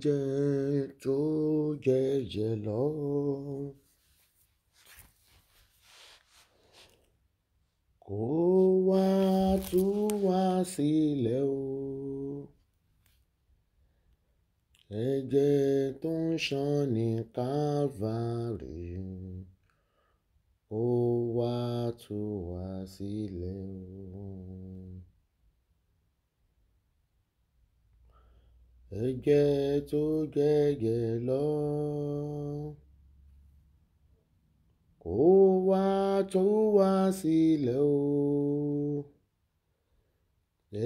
jẹ tó jẹjẹ lọ. kó wá tú wá sílẹ̀ o. ẹ̀jẹ̀ tó ń ṣàn ní Calvary ó wá tú wá sílẹ̀ o. ẹ̀jẹ̀ tó gẹ̀gẹ̀ lọ. kó wá tún wá sílẹ̀ o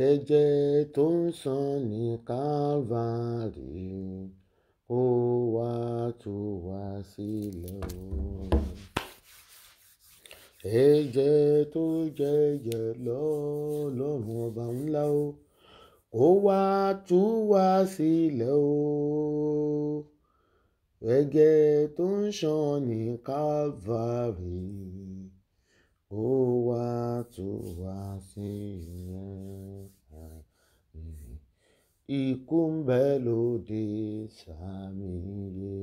ẹ̀jẹ̀ tó ń sàn ní Calvary kó wá tún wá sílẹ̀ o ẹ̀jẹ̀ tó gẹ̀gẹ̀ lọ lọ́rùn ọba ńlá o kó wá tú wa sílẹ̀ o ẹ̀jẹ̀ tó ń ṣàn ní Calvary kó wá tú wa sílẹ̀ ikú ń bẹ lóde sàmì yé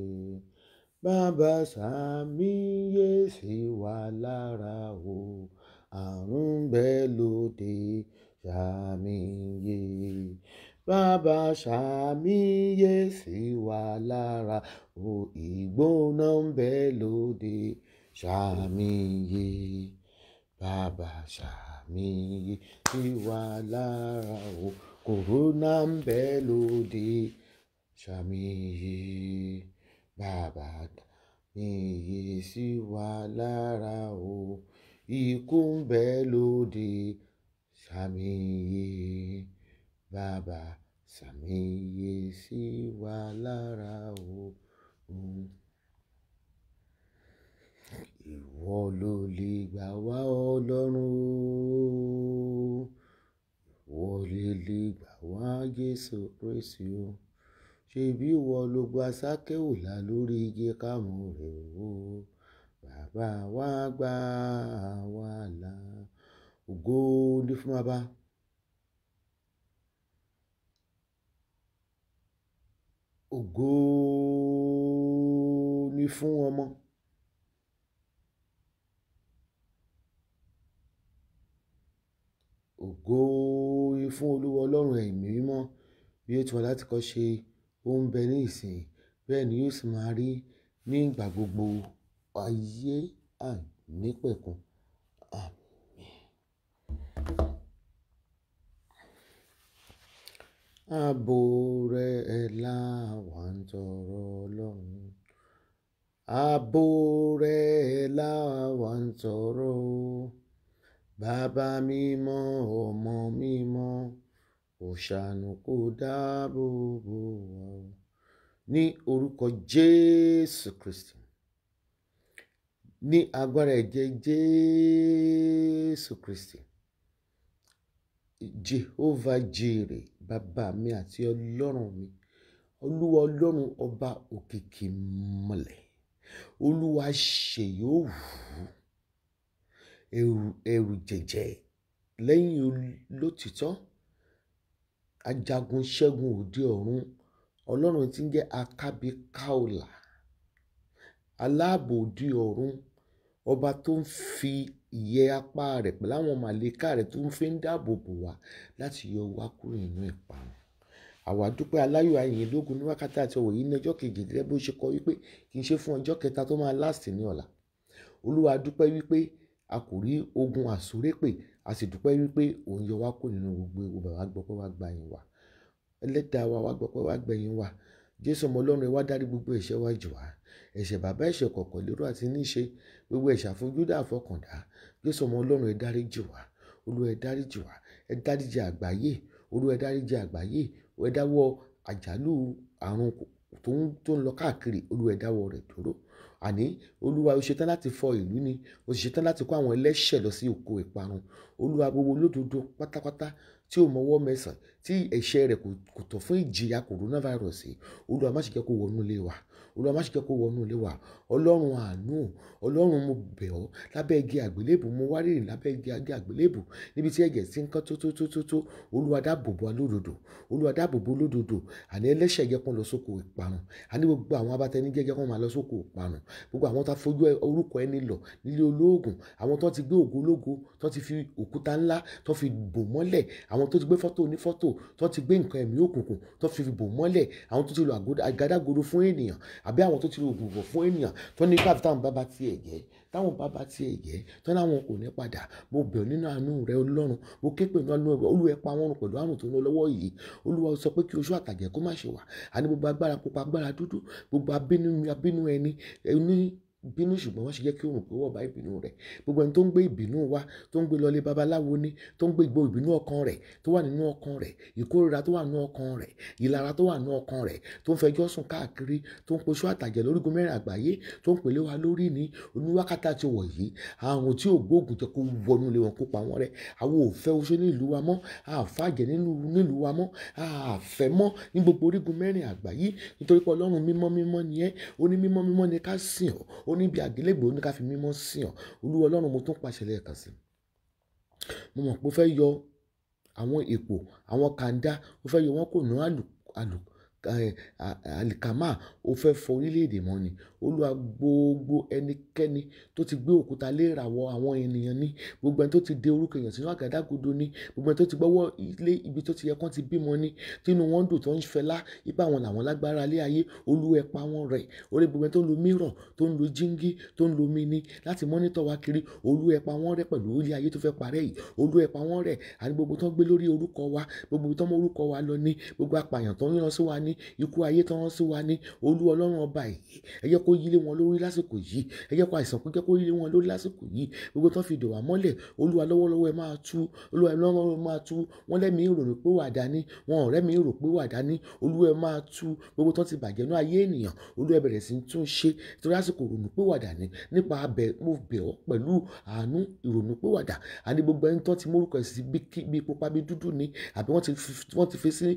bàbá sàmì yé sí wa lára o àrùn ń bẹ lóde ṣàmìyè bàbá ṣàmìyè sí wa lára o ìgbóná ń bẹ lóde ṣàmìyè bàbá ṣàmìyè sí wa lára o kòrónà ń bẹ lóde ṣàmìyè bàbá ṣàmìyè sí wa lára o ikú ń bẹ lóde. Sàmì iye Bàbá, sàmì iye sí wa lára òun. Ìwọ lo lè gbà wá Ọlọ́run o. Ìwọ lè lè gbà wá Jésù Kristi o. Ṣèbí ìwọ lo gba Sákẹ́ù là lórí igi kámú rè o. Bàbá wa gbà wá là ògo ni fún bàbá. ògo ni fún ọmọ. ògo ni fún olúwa ọlọ́run ẹ̀mí mímọ́ bí ó ti wà láti kọ́ ṣe ó ní ìsìn bẹ́ẹ̀ ni yóò sì máa rí ní ìgbà gbogbo ayé àìnípẹ̀kun. Ààbò rẹ̀ là wá ń tọrọ Ọlọ́run. Ààbò rẹ̀ là wá ń tọrọ. Bàbá mímọ́, ọmọ mímọ́, ó ṣàánú dáàbò bò wá. Ní orúkọ Jésù Kristi, ní agbára ẹ̀jẹ̀ Jésù Kristi jehovah jire Baba mi àti ọlọ́run mi olúwa ọlọ́run ọba òkìkí mọ̀lẹ̀ olúwa ṣe yóò wù ẹrù ẹrù jẹjẹ lẹ́yìn olótìtọ́ ajagun ṣẹ́gun òde ọ̀run ọlọ́run tí ń jẹ́ akábí káòlà aláàbò òde ọ̀run ọba tó ń fi ìyẹ́ apá rẹ̀ pẹ̀lú àwọn màlẹ́kà rẹ̀ tó ń fi ń dáàbò bò wá láti yọ wá kúrò nínú ìparun àwa dúpẹ́ aláyọ̀ ayìn lógun ní wákàtí àti ọ̀wọ̀ yìí ní ọjọ́ kejì gẹ́gẹ́ bó ṣe kọ wípé kì í ṣe fún ọjọ́ kẹta tó máa láàsì ní ọ̀la olúwa dúpẹ́ wípé a kò rí ogun àsórépè a sì dúpẹ́ wípé òun yọ wá kó nínú gbogbo ewu bàbá gbọ́ pé wá wá ẹlẹ́dàá wa wá gbọ́ pé wá wá jésù ọmọ ọlọ́run wá dárí gbogbo ẹ̀ṣẹ̀ wa jù wá ẹ̀ṣẹ̀ bàbá ẹ̀ṣẹ̀ kọ̀ọ̀kan lérò àti níṣe gbogbo ẹ̀ṣẹ̀ àfojúdá àfọkàndá jésù ọmọ ọlọ́run ẹ dárí jì wá olúwa ẹ dárí jì wá ẹ dárí jì àgbáyé olúwa ẹ dárí jì àgbáyé ẹ dáwọ́ àjálù àrùn tó ń tó ń lọ káàkiri olúwa ẹ dáwọ́ rẹ̀ dúró àní olúwa o ṣetán láti fọ ìlú ni o ṣetán láti kó àwọn ẹlẹ́ṣẹ̀ lọ sí oko ìparun olúwa gbogbo olódodo pátápátá tí ò mọwọ́ mẹsàn tí ẹ̀ṣẹ̀ rẹ̀ kò tọ́ fún ìjìyà coronavirus olúwa má ṣe jẹ́ kó wọnú ilé wa olúwa má ṣe jẹ́ kó wọnú ilé wa ọlọ́run àánú ọlọ́run mo bẹ̀ ọ́ lábẹ́ igi àgbélébù mo wárìrì lábẹ́ igi àgbélébù níbi tí ẹ̀jẹ̀ sí ń kán tótótótótó olúwa dáàbòbò alódodo olúwa dáàbòbò olódodo àní ẹlẹ́ṣẹ̀ jẹ́ kó lọ sóko ìparun àní gbogbo àwọn abatẹnijẹ́ jẹ́ kó máa lọ sóko ìparun gbogbo àwọn tó fojú orúkọ ẹni lọ nílé olóògùn àwọn tó ti gbé ògo ológo tó ti fi òkúta ńlá tó fi bò mọ́lẹ̀ àwọn tó ti gbé fọ́tò onífọ́tò tó ti gbé nǹkan ẹ̀mí òkùnkùn tó fi bò mọ́lẹ̀ àwọn tó ti lo àgádágodo fún ènìyàn àbí àwọn tó ti lo ògùnbọ̀ fún ènìyàn tó ní káàbí táwọn bá bá tiẹ̀ jẹ́ táwọn bá bá tiẹ̀ jẹ́ tó láwọn kò ní padà mo bẹ̀ nínú àánú rẹ ọlọ́run mo ké pè nínú olúwẹ pa wọn pẹ̀lú àrùn tó ń lọ lọ́wọ́ yìí olúwa sọ pé kí oṣù àtàjẹ kó má ṣe wà àní gbogbo agbára pupa agbára dúdú gbogbo abínú ẹni bínú ṣùgbọ́n wọ́n ṣe jẹ́ kí òun pé wọ́n bá ìbínú rẹ̀ gbogbo ẹni tó ń gbé ìbínú wá tó ń gbé lọlé babaláwo ní tó ń gbé ìgbó ìbínú ọkàn rẹ̀ tó wà nínú ọkàn rẹ̀ ìkórira tó wà nínú ọkàn rẹ̀ ìlara tó wà nínú ọkàn rẹ̀ tó ń fẹjọ́ sùn káàkiri tó ń poṣú àtàjẹ̀ lórígun mẹ́rin àgbáyé tó ń pèlé wa lórí ní oníwákàtà ti wọ̀ yìí àwọn tí ò gbóògùn jẹ́ kó wọnú ilé wọn kó pa wọn rẹ́ àwọn ò fẹ́ oṣó nílùú wa mọ́ àfàjẹ́ nílùú wa mọ́ àfẹ́ mọ́ ní gbogbo orígun mẹ́rin àgbáyé níbi àgélébùú ní ká fi mímọ́ sí ọ olúwa ọlọ́run mo tún pàṣẹ lẹ́ẹ̀kan sí mo mọ̀ pé ó fẹ́ yọ àwọn èpò àwọn kàńdá ó fẹ́ yọ wọn kò ní àlùkò àlìkàmà ó fẹ́ fọ orílẹ̀-èdè mọ́ ni olúwa gbogbo ẹnikẹ́ni tó ti gbé òkúta lé ìràwọ̀ àwọn ènìyàn ní gbogbo ẹni tó ti de orúkọ èèyàn sínú àgádágodo ní gbogbo ẹni tó ti gbọ́wọ́ ilé ibi tó ti yẹ kán ti bímọ ní tínú wọn dùn tó ń fẹlá ipa àwọn làwọn lágbára lé ayé olúwa pa wọn rẹ́ orí gbogbo ẹni tó ń lo mírọ̀ tó ń lo jíngí tó ń lo mini láti mọ́nítọ̀ wá kiri olúwa pa wọn rẹ́ pẹ̀lú ilé ayé tó fẹ́ parẹ́ yìí olúwa pa wọn rẹ́ àti gbogbo tó ń gbé lórí orúkọ wa gbogbo tó ń mọ orúkọ wa ikú ayé tán sí wa ní olú ọlọ́run ọba yìí ẹ jẹ́ kó yílé wọn lórí lásìkò yìí ẹ jẹ́ kó àìsàn kó jẹ́ kó yílé wọn lórí lásìkò yìí gbogbo tán fi dè wá mọ́lẹ̀ olúwa lọ́wọ́lọ́wọ́ ẹ máa tú olúwa lọ́wọ́lọ́wọ́ máa tú wọn lẹ́mí rò pé wà dání wọn ọ̀rẹ́ mi rò pé wà dání olúwa máa tú gbogbo tán ti bàjẹ́ náà ayé ènìyàn olúwa bẹ̀rẹ̀ sí tún ṣe torí àsìkò ìrònú pé wà dání nípa abẹ mo bẹ̀ ọ́ pẹ̀lú àánú ìrònú pé wà dà àní gbogbo ẹni tán ti mórúkọ sí bí pupa bí dúdú ni àbí wọ́n ti fi sí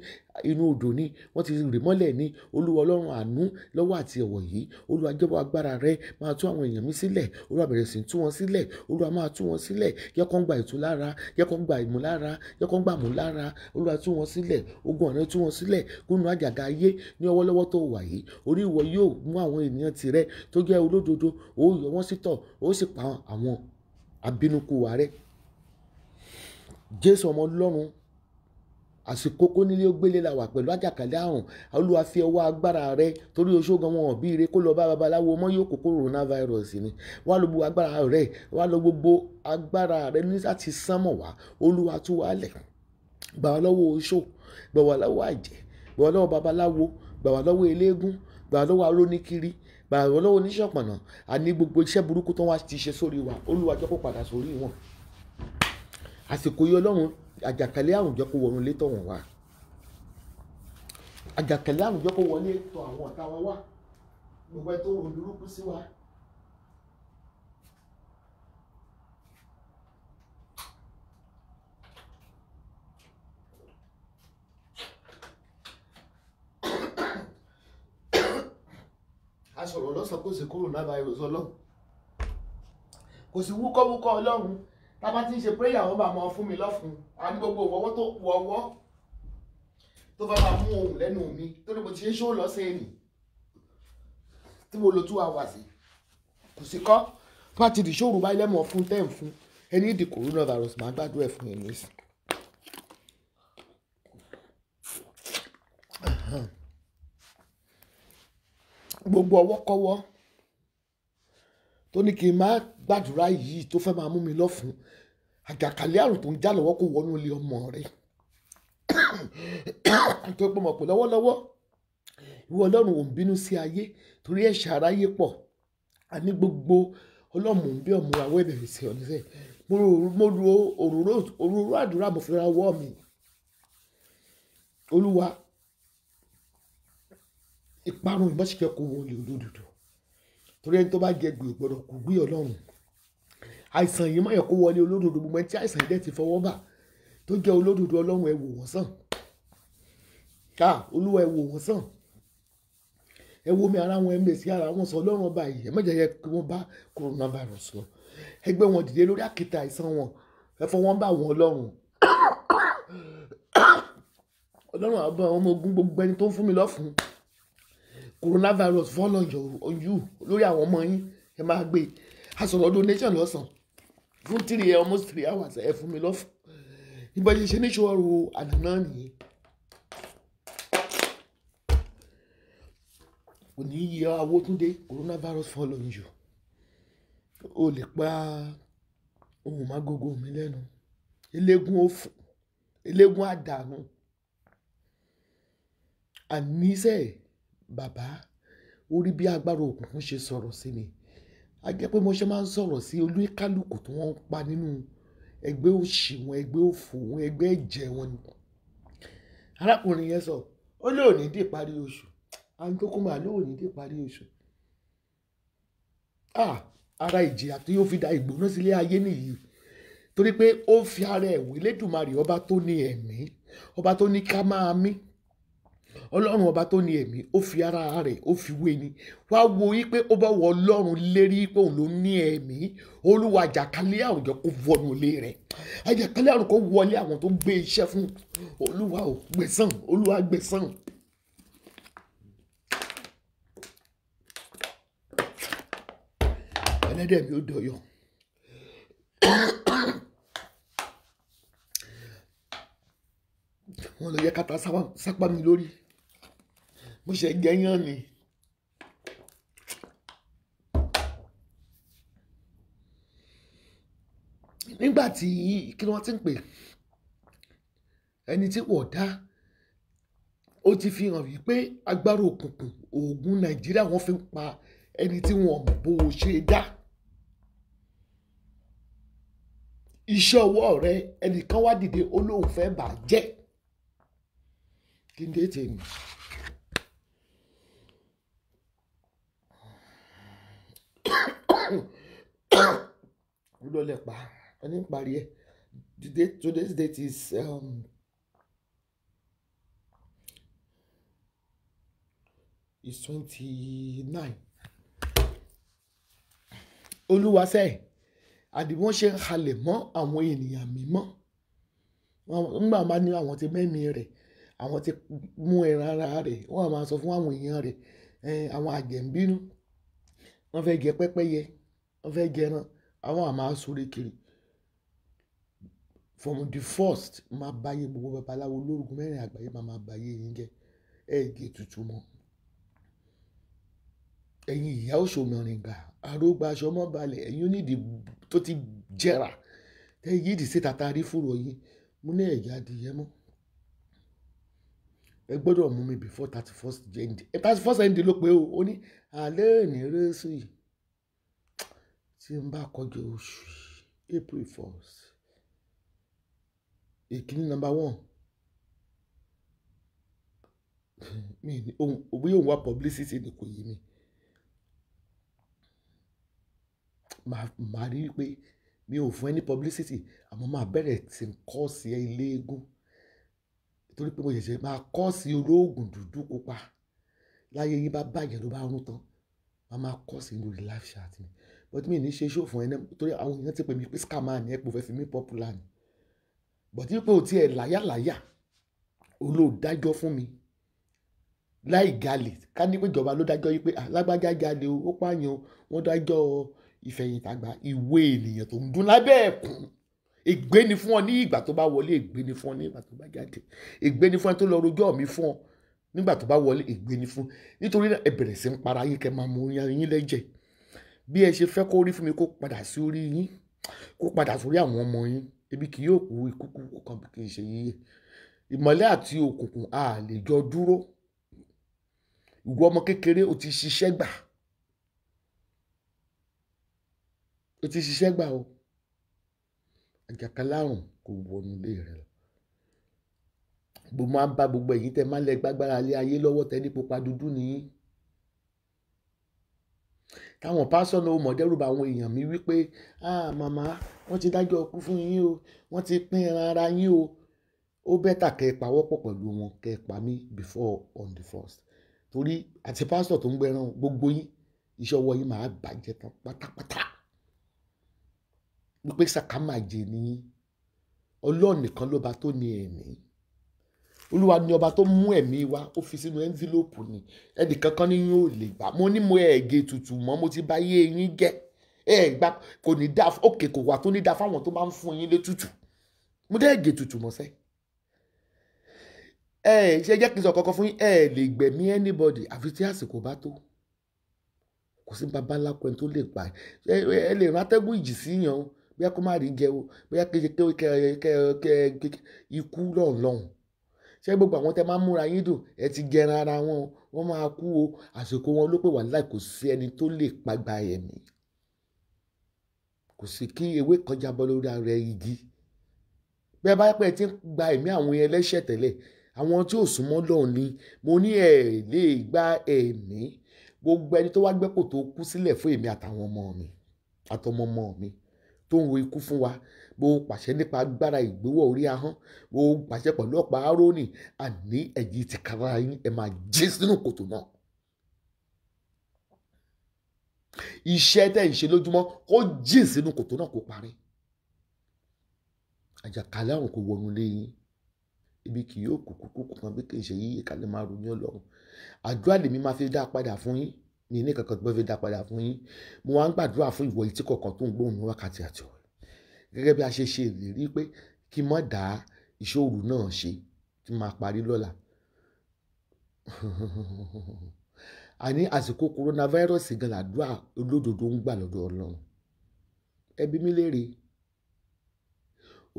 inú odò ni wọ́n ti rì mọ́lẹ̀ ní olúwa ọlọ́run àánú lọ́wọ́ àti ọ̀wọ̀ yìí olúwa jọ̀wọ́ agbára rẹ máa tú àwọn èèyàn mi sílẹ̀ olúwa bẹ̀rẹ̀ sí tú wọn sílẹ̀ olúwa máa tú wọn sílẹ̀ jẹ́ kó ń gba ìtúlára jẹ́ kó ń gba ìmúlára jẹ́ kó ń gba ìmúlára olúwa tú wọn sílẹ̀ ogun ọ̀rẹ́ tú wọn sílẹ̀ kúnnú àjàgà ayé ní ọwọ́lọ́wọ́ tó wà yìí orí ìwọ yóò mú àwọn ènìyàn tirẹ̀ tó jẹ́ olódodo ó yọ wọ́n sítọ̀ ó sì pa àwọn abínúkú wa rẹ́ jésù ọmọ ọlọ́run àsìkò kó nílé ó gbélé la wà pẹ̀lú àjàkálẹ̀ àrùn olúwa fi ọwọ́ agbára rẹ torí oṣógan wọn ọ̀bí rẹ kó lọ bá babaláwo mọ́ yóò kó coronavirus ni wà ló gbogbo agbára rẹ wà ló gbogbo agbára rẹ ní láti sánmọ̀ wá olúwa tú wa lẹ̀ gbà lọ́wọ́ oṣó gbà lọ́wọ́ àjẹ́ gbà lọ́wọ́ babaláwo gbà lọ́wọ́ eléégún gbà lọ́wọ́ aróníkiri gbà lọ́wọ́ oníṣọ̀pọ̀nà àní gbogbo iṣẹ́ burúkú tó wá ti ṣe sórí wa olúwa jẹ́ kó padà sórí wọn àsìkò yìí ọlọ́run àjàkálẹ̀ àrùn jẹ́ kó wọnú ilé tọ̀wọ̀n wá àjàkálẹ̀ àrùn jẹ́ kó wọlé tọ̀ àwọn ọ̀tá wa wá gbogbo ẹ̀ tó rò burúkú sí wa. a sọ̀rọ̀ lọ́sàn kó sì kúrò náà báyìí rò lọ́hùn kò sí wúkọ́wúkọ́ ọlọ́run tábà tí ń ṣe prayer wọn bá máa fún mi lọ́fun a ní gbogbo ìwọ́wọ́ tó wọ ọwọ́ tó bá máa mú ohun lẹ́nu mi tó ní mo ti ṣe ṣó lọ́sẹ̀ ẹ̀nì tí mo lo two hours kò sí kọ́ tó bá ti di ṣòro báyìí lẹ́mọ̀ fún tẹ́ ń fún ẹni ìdí coronavirus máa gbàdúrà fún ẹ̀ ní ìsìn. gbogbo ọwọ́ tó ní kí n má gbàdúrà yìí tó fẹ́ máa mú mi lọ́fun àjàkálẹ̀ àrùn tó ń já lọ́wọ́ kó wọnú ilé ọmọ rẹ̀ tó pọ̀ mọ̀ pé lọ́wọ́lọ́wọ́ ìwọ ọlọ́run ò ń bínú sí ayé torí ẹ̀ṣẹ̀ aráyé pọ̀ àní gbogbo ọlọ́mù bí ọmọ àwọ̀ ẹ̀bẹ̀rẹ̀ sí ọ mo ru òróró àdúrà mo fi ra ọwọ́ mi olúwa ìparun ìmọ̀síkẹ́ kò wọlé olódodo torí ẹni tó bá jẹ gbé gbọ́dọ̀ kò gbé Ọlọ́run àìsàn yìí má yẹ kó wọlé olódodo gbogbo ẹni tí àìsàn yìí dẹ ti fọwọ́ bà tó jẹ olódodo Ọlọ́run ẹ wò wọ́n sàn ká Olúwa ẹ wò wọ́n sàn ẹ wo mi ara wọn ẹ mèsì ara wọn sọ Ọlọ́run ọba yìí ẹ má jẹ́ kí wọ́n bá coronavirus lọ ẹ wọn dìde lórí àkìtà àìsàn wọn ẹ fọ wọn bá wọn Ọlọ́run Ọlọ́run àbọ àwọn ọmọ ogun gbogbo ẹni tó ń fún mi lọ́fun coronavirus fall on you lórí àwọn ọmọ yín ẹ máa gbé a sọ̀rọ̀ donation lọ́sàn fún three eh, almost three hours ẹ fún mi lọ́fọ̀ ìbọn ṣe ṣe ní ṣòro àná náà nìyí. kò ní yí awótúndé coronavirus fall on you o lè pa ohun mágógó mi lẹ́nu eléégún òfò eléégún àdánù àníṣe bàbá ó rí bí agbára òkùnkùn ṣe sọ̀rọ̀ sí mi a jẹ́ pé mo ṣe máa ń sọ̀rọ̀ sí olúkálùkù tí wọ́n ń pa nínú ẹgbẹ́ òṣì wọn ẹgbẹ́ òfò wọn ẹgbẹ́ ẹ̀jẹ̀ wọn ni arákùnrin yẹn sọ ó lóò ní dé parí oṣù àwọn tó kún mà lóò ní dé parí oṣù ara ìjìyà tí yóò fi da ìgbóná sílé ayé nìyí torí pé ó fi ara ẹ̀wé lẹ́dùnmarè ọba tó ní ẹ̀mí ọba tó ní ká máa mí ọlọ́run ọba tó ní ẹ̀mí ó fi ara rẹ̀ ó fi wé ni wá wo yí pé ó bá wọ ọlọ́run lérí pé òun ló ní ẹ̀mí olúwa àjàkálẹ̀ àrùn jẹ́ kó wọnú ilé rẹ̀ àjàkálẹ̀ àrùn kó wọlé àwọn tó gbé iṣẹ́ fún olúwa ò gbẹ̀san olúwa gbẹ̀san. ẹlẹ́dẹ̀ mi ò dọ̀yọ̀ wọ́n lọ yẹ ká ta mi lórí bó ṣe gẹ́yàn ni. nígbà tí kí ni wọ́n ti ń pè ẹni tí wọ́n dá ó ti fi hàn wípé agbára òkùnkùn oògùn nàìjíríà wọ́n fi ń pa ẹni tí wọ́n bó ṣe dá. iṣẹ́ ọwọ́ rẹ ẹnìkan wá dìde olóhùn fẹ́ bàjẹ́ kí n dé tèmi. lọlẹ̀ pa ẹni ń parí ẹ̀ the today's date is um, is twenty nine olúwa sẹ́yìn àdìwọ́n ṣe ń halẹ̀ mọ́ àwọn ènìyàn mímọ́ nígbà máa ní àwọn ti mẹ́mí rẹ̀ àwọn ti mú ẹran ara rẹ̀ wọ́n máa sọ fún àwọn èèyàn rẹ̀ àwọn àjẹ̀mbínú wọ́n fẹ́ jẹ pẹ́pẹ́yẹ wọ́n fẹ́ jẹran àwọn àmà sórí kiri from the first máa báyé gbogbo babaláwo lórúkọ mẹ́rin àgbáyé máa máa báyé yín jẹ́ ẹ̀ẹ́dì tuntun mọ́ ẹ̀yin ìyá òṣòmọ̀rìngà arógbá aṣọ mọ́balẹ̀ ẹ̀yin onídìí tó ti jẹrà tẹ́ yí ìdí sí tata rí fúrò yìí mú ní ẹ̀yà adìyẹ mọ́ ẹ gbọ́dọ̀ mú mi before thirty first jẹ́ ǹdí thirty first ẹ̀ ń di ló pé o ó ní alẹ́ ìnírẹ́sì yìí tí n bá kọjá oṣù April fourth. ìkíní number one mi ni ohun òbí òun wá publicity ni kò yí mi màá rí pé mi ò fún ẹ ní publicity àmọ́ màá bẹ̀rẹ̀ sí ń kọ́ọ̀sì ẹ ilé eégún torí pé mo ṣẹ̀ṣẹ̀ máa kọ́ọ̀sì olóògùn dúdú pupa láyé yín bá bàjẹ́ ló bá rún tán màá máa kọ́ọ̀sì lórí live chat mi but mi ní ṣe ṣó fún ẹ náà torí àwọn èèyàn ti pè mí pé scammer ni ẹ pò fẹ́ fi mí popular ni but pé o tiẹ̀ láyàláyà olóòdájọ́ fún mi láì jalè ká ní pé ìjọba ló dájọ́ yìí pé alágbájá jalè o ó pààyàn wọ́n dájọ́ ìfẹ̀yìntàgbà ìwé ènìyàn tó ń dún lábẹ́ ẹ̀kún ègbé ni fún ọ ní ìgbà tó bá wọlé ègbé ni fún ọ ní ìgbà tó bá jáde ègbé ni fún ẹ tó lọ rojọ́ mi fún ọ nígbà tó bá wọlé ègbé ni fún nítorí ẹ bẹ̀rẹ̀ sí ń para yín kẹ́ máa mú yín lẹ́jẹ̀ẹ́ bí ẹ ṣe fẹ́ kó rí fún mi kó padà sí orí yín kó padà sórí àwọn ọmọ yín ebi kì yóò kú ikúkú kan kì í ṣe yíyẹ ìmọ́lẹ̀ àti òkùnkùn a lè jọ dúró ìwọ ọmọ kékeré o ti ṣiṣẹ́ gbà o ti ṣiṣẹ́ gbà o àjàkálárùn kò wọnú ilé rẹ lọ gbogbo máa ń bá gbogbo èyí tẹ máa ń lẹ gbágbára lé ayé lọ́wọ́ tẹ ní pupa dúdú nìyí káwọn pásọ̀ náà mọ̀ dẹ́rùbà àwọn èèyàn mi wípé ah màmá wọ́n ti dájọ́ ọkú fún yín o wọ́n ti pín ẹran ara yín o ó bẹ́tà kẹ́ ẹ pawọ́pọ̀ pẹ̀lú wọn kẹ́ ẹ pa mí before on the first torí àti pásọ̀ tó ń gbẹran gbogbo yín iṣẹ́ ọwọ́ yín máa bàjẹ́ tán pátápátá wípé sàkámàjẹ nìyí ọlọ́ọ̀nì kan ló bá tó ní ẹ̀mí. E olúwa ni ọba tó mú ẹ̀mí wa ó fi sínú ẹ́ńfílópù ni ẹnì kankan ní yín ò lè gbà mo ní mo ẹ̀ẹ́gẹ́ tutù mọ́ mo ti bá yé yín gẹ́ ẹ̀ gbà kò ní dá òkè kò wà tó ní dá fáwọn tó máa ń fún yín lé tutù mo dẹ́ ẹ̀ẹ́gẹ́ tutù mọ́ sẹ́ ẹ ṣe jẹ́ kí n sọ kankan fún yín ẹ lè gbẹ̀mí anybody àfi tí àsìkò bá tó kò sí babaláko ẹni tó lè pa ẹ lè rán atẹ́gùn ìjì sí yàn bóyá kó má rí jẹ o bóyá kékeré ikú lọ́ọ̀lọ́hùn ṣé gbogbo àwọn tẹ máa ń múra yín dùn ẹ ti gẹran ara wọn wọn máa kú o àsìkò wọn ló pè wà láì kò sí ẹni tó lè pagba ẹ̀mí kò sí kí ewé kan jábọ́ lórí ara igi bẹ́ẹ̀ bá pẹ́ ti ń gba ẹ̀mí àwọn ẹlẹ́ṣẹ̀ tẹ́lẹ̀ àwọn tí ò súnmọ́ lọ́ọ̀ ni mo ní ẹ̀ lè gba ẹ̀mí gbogbo ẹni tó wá gbẹ́pò tó kú sílẹ̀ fún èmi àtàwọn ọmọ mi àtọmọmọ mi tó ń wo ikú fún wa mo pàṣẹ nípa agbára ìgbéwọ̀ orí ahọ́n mo pàṣẹ pẹ̀lú ọ̀pá árónì àní ẹ̀yin ti kára yín ẹ máa jí sínú kòtò náà. iṣẹ́ tẹ̀ ń ṣe lójúmọ́ kó jí sínú kòtò náà kó parí. àjàkálẹ̀ àrùn kò wọnú lé yín ibi kì yóò kú kúkú kú kan bí kì í ṣe yíyí kálẹ̀ máa ronú ọlọ́run àdúrà lèmi máa fi dá padà fún yín mi ní kankan tí fi dá padà fún yín mo wá ń gbàdúrà fún ìwọ etí kọ̀ọ̀kan tó ń gbóhùn ní wákàtí àti gẹ́gẹ́ bí a ṣe ṣe ìlérí pé kí n má dá ìṣòro náà ṣe kí n máa parí lọ́la àní àsìkò coronavirus gan làdúrà olódodo ń gbà lọ́dọ̀ ọlọ́run ẹbí mi léèrè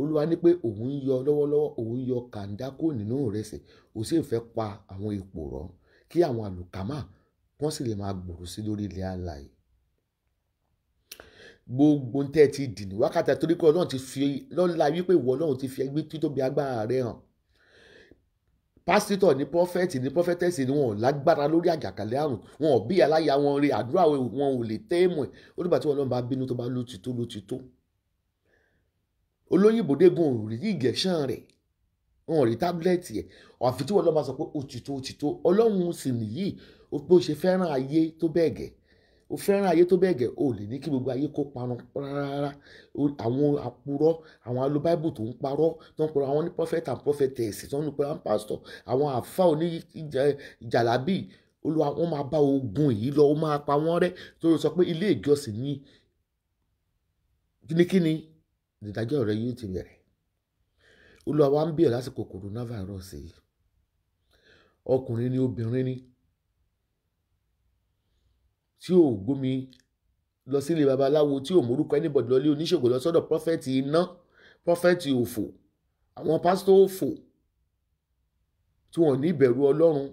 olúwa ní pé òun ń yọ lọ́wọ́lọ́wọ́ òun ń yọ kàńdá kó nínú ìrẹsì ó sì fẹ́ pa àwọn èpò rọ́ kí àwọn àlùkámà wọ́n sì lè máa gbòòrò sí lórí ilẹ̀ alàyè gbogbo tẹ́ ẹ ti dì ní wákàtí torí pé ọlọ́run ti fi lọ́la wípé ìwọ ọlọ́run ti fi ẹgbẹ́ títóbi agbára rẹ hàn pásítọ̀ ní prọfẹ̀tì ní prọfẹ̀tẹ̀sì ni wọn ò lágbára lórí àjàkálẹ̀ àrùn wọn ò bí aláya wọn rí àdúrà wọn ò lè téèmù ẹ̀ ó dìgbà tí ọlọ́run bá bínú tó bá ló ti tó ló ti tó ò rí ìgẹ̀ṣán rẹ̀ wọn ò rí tábìlẹ̀tì ẹ̀ àfi tí ọlọ́run bá sọ pé ó ti ọlọ́run sì nìyí ó pé ó ṣe fẹ́ràn ayé tó bẹ́ẹ̀ gẹ̀ẹ́ o fẹ́ràn ayé tó bẹ́ẹ̀ gẹ̀ o lè ní kí gbogbo ayé kó parun rárá àwọn àpurọ́ àwọn alubáìbù tó ń parọ́ tó ń pọ̀rọ̀ àwọn ní prophet and prophetess tó ń pọ̀rọ̀ àwọn pastor àwọn àfa òní jàlábì olùwà wọn máa bá ogun yìí lọ ó máa pa wọ́n rẹ́ torí sọ pé ilé ìjọsìn ní kíníkíní ìdájọ́ rẹ yóò ti bẹ̀rẹ̀ olùwà wa ń bíọ̀ lásìkò coronavirus yìí ọkùnrin ni obìnrin ni tí ò gómi lọ sílé babaláwo tí ò mórúkọ anybody lọ lé oníṣègùn lọ sọ́dọ̀ prọfẹ̀tì iná prọfẹ̀tì òfò àwọn pásítọ̀ òfò tí wọn ní ìbẹ̀rù ọlọ́run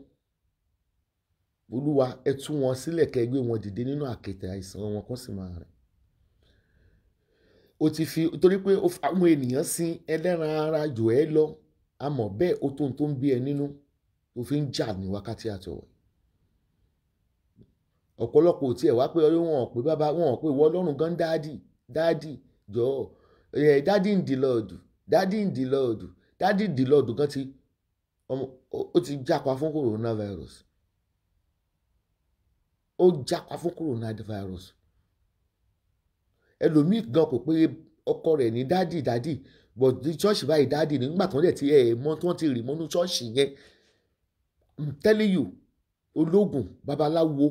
olúwa ẹ tú wọn sílẹ̀ kẹgbẹ́ wọn dìde nínú àkètè àìsàn wọn kó sì máa rìn o ti fi torí pé àwọn ènìyàn sin ẹlẹ́ran ara jò ẹ́ lọ àmọ́ bẹ́ẹ̀ o tó ń tó ń bí ẹ nínú o fi ń jà ní wákàtí àtọ̀wẹ́ ọ̀pọ̀lọpọ̀ tiẹ̀ wá pé ọyọ́ wọn pé bàbá wọn pé ìwọ ọlọ́run gan dáàdì dáàdì jọ ẹ dáàdì ń di lọ́ọ̀dù dáàdì ń di lọ́ọ̀dù dáàdì ń di lọ́ọ̀dù gan ti ó ti jápa fún coronavirus ó jápa fún coronavirus ẹlòmíì gan kò pé ọkọ rẹ̀ ní dáàdì dáàdì but ní church báyìí dáàdì nígbà tó ń dẹ̀ ti ẹ̀ mọ́ tó ń ti rì mọ́nú church yẹn I'm telling you ológun babaláwo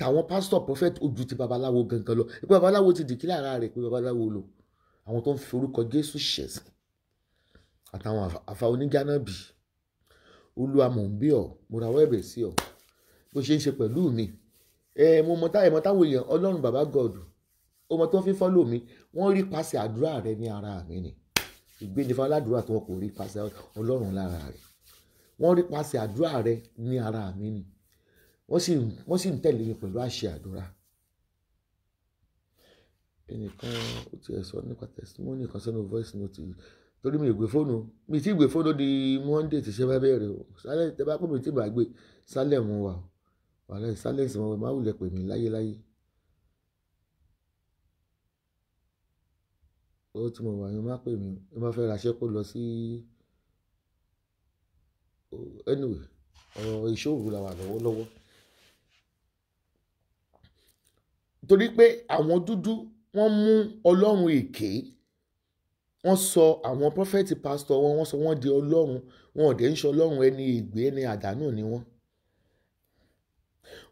tàwọn pásítọ̀ prophet ojú ti babaláwo gangan lọ pé babaláwo ti dìkílà ara rẹ̀ pé babaláwo lò àwọn tó ń fi orúkọ Jésù ṣẹ̀sìn àtàwọn àfa onígánábì Olúwa mò ń bí ọ mo rawọ́ ẹ̀bẹ̀ sí ọ bó ṣe ń ṣe pẹ̀lú mi ẹ mo mọ táyẹ̀ mọ táwọn èèyàn Ọlọ́run bàbá God ọmọ tó fi fọ́lọ̀ mi wọ́n rí pàṣẹ àdúrà rẹ ní ara mi ni ìgbénifa aládùúrà tí wọn kò rí pàṣẹ Ọlọ́run lára rẹ wọ́n rí pàṣẹ àdúrà rẹ ní ara mi ni wọ́n sì wọ́n sì ń tẹ̀lé yín pẹ̀lú àṣẹ àdúrà ẹnìkan ó ti ẹ̀ sọ nípa testimony kan sẹ́nu voice note torí mi ò gbé fóònù mi ti gbé fóònù di monday ti ṣe bá bẹ̀rẹ̀ o sálẹ̀ tẹ bá pọ̀ mi ti bá gbé sálẹ̀ mu wà wàhálà sálẹ̀nsì wọn máa wulẹ̀ pè mí láyéláyé. ó ti mọ̀ wá yín má pè mí ẹ má fẹ́ raṣẹ́ kó lọ sí anyway ọ̀rọ̀ ìṣòro la wà lọ́wọ́lọ́wọ́. torí pé àwọn dúdú wọ́n mú ọlọ́run èké wọ́n sọ àwọn prọfẹ̀tì pásítọ̀ wọn wọ́n sọ wọ́n di ọlọ́run wọn ò dẹ̀ ń sọ ọlọ́run ẹni ègbé ẹni àdánù ni wọ́n.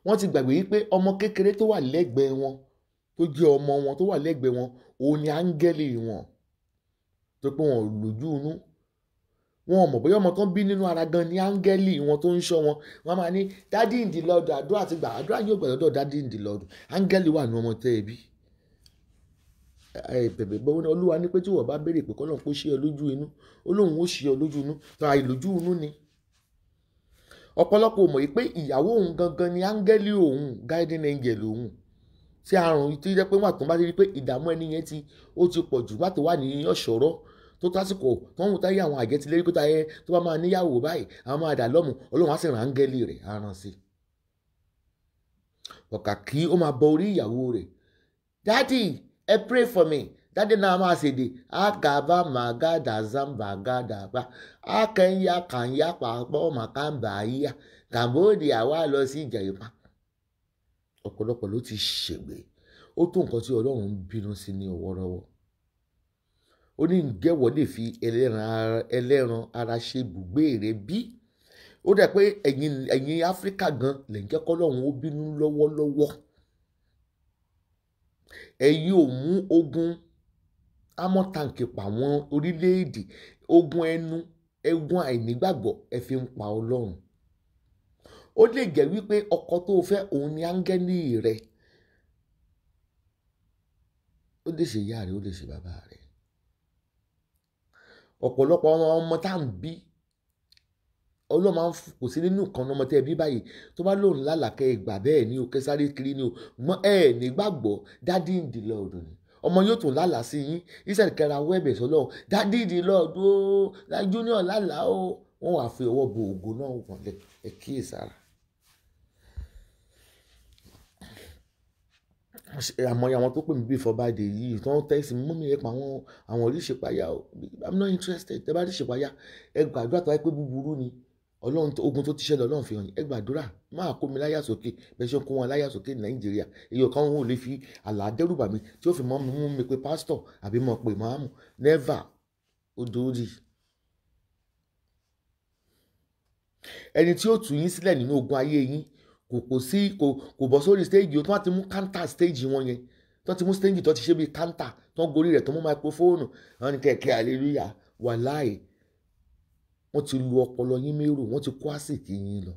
wọ́n ti gbàgbé wípé ọmọ kékeré tó wà lẹ́gbẹ̀ẹ́ wọn tó jẹ́ ọmọ wọn tó wà lẹ́gbẹ̀ẹ́ wọn òun ni áńgẹ́lì wọn tó pé wọn ò lójú inú wọn ò mọ̀ bóyá ọmọ tán bí nínú ara gan ni áńgẹ́lì wọn tó ń ṣọ́ wọn wọn máa ní dádì in the Lord àdúrà ti gbà àdúrà yóò gbà lọ́dọ̀ dádì in the Lord áńgẹ́lì wà ní ọmọ tẹ́ ẹ bí. bẹ̀bẹ̀ bọ́ ní olúwa ní pé tí wọ́n bá béèrè pé kọ́lọ́n kó ṣe ọ lójú inú ó lóun ó ṣe ọ lójú inú tó àì lójú inú ni. ọ̀pọ̀lọpọ̀ mọ̀ yìí pé ìyàwó òun gangan ni áńgẹ́lì òun guiding angel òun tí àrùn tó yẹ pé wà tó bá ti rí pé ìdààmú ẹni yẹn ti ó ti pọ̀ jù wà tó wà ní ọ̀ṣọ́rọ́ tó tásìkò tó ń táyé àwọn àjẹtìlérí pé táyé tó bá máa níyàwó báyìí àwọn máa dà lọ́mù ọlọ́run á sì rán áńgẹ́lì rẹ̀ á rán sí i. ọ̀kà kí ó máa bọ orí ìyàwó rẹ̀ dádì ẹ pray for me dádì náà máa ṣèdè àgàbà màgàdà zambàgàdàbà àkànyà kànyà pàpọ̀ màkàmbà yíyà Cambodia wà lọ sí ìjàyèpá ọ̀pọ̀lọpọ̀ ló ti ṣègbè ó tó nǹkan tí ọlọ́run bínú sí ní ọwọ́rọ́wọ́ ó ní ǹgẹ́wọ́ lè fi ẹlẹ́ran ara ṣe ibùgbé rẹ bí ó dà pé ẹ̀yin ẹ̀yin áfíríkà gan lè ń jẹ́ kọ́lọ́hún ó bínú lọ́wọ́lọ́wọ́ ẹ̀yin ò mú ogun amọ́tàǹkì pa àwọn orílẹ̀-èdè ogun ẹnu ẹgun àìnígbàgbọ́ ẹ fi ń pa ọlọ́run ó lè jẹ́ wípé ọkọ tó fẹ́ òun ni áńgẹ́lì rẹ ó lè ṣe ìyá rẹ ó lè ṣe bàbá rẹ ọ̀pọ̀lọpọ̀ ọmọ ọmọ tá à ń bí ọlọ́mọ kò sí nínú kan ọmọ tẹ́ ẹ bí báyìí tó bá lòun lálàkẹ́ ìgbà bẹ́ẹ̀ ni o kẹsàrí kiri ni o mọ ẹ nígbàgbọ́ dádì ìdìlọ ọdún ni ọmọ yóò tún lálàá sí yín israel kẹra wẹ́ẹ̀bẹ̀ sọlọ dádì ìdìlọ ọdún ó junior lálàá ó wọn wàá fi ọwọ́ bo ògo náà wọlé ẹ kíyèsára. àmọ́ àwọn tó pè mí bí ìfọ̀bàdé yìí tó ń tẹ́sí mú mi yẹ pa àwọn àwọn oríṣèpáyà i'm not interested tẹ́ bá ríṣèpáyà ẹ gbàdúrà tó wáyé pé búburú ni ọlọ́run ogun tó ti ṣẹlẹ̀ ọlọ́run fi hàn ẹ gbàdúrà máa kó mi láyà sókè bẹ́ẹ̀ ṣe ń kó wọn láyà sókè ní nàìjíríà èyí ọ̀kan òun ò lè fi àlá dẹ́rùbà mi tí ó fi mọ́ mi mú mi pé pásítọ̀ àbí mọ̀ pé máàmù never odòdì. ẹni tí ó tù yín sílẹ̀ nínú ogun ayé yín kò kò sí kò kò bọ́ sórí stage yìí tí wọ́n ti mú counter stage wọn yẹn tí wọ́n ti mú stage tí wọ́n ti ṣe bíi counter tí wọ́n gorí rẹ̀ tó mú microphone àwọn ní kẹ̀kẹ́ hallelujah wàláì wọ́n ti lu ọpọlọ yín mérò wọ́n ti kó àsìkò yín lọ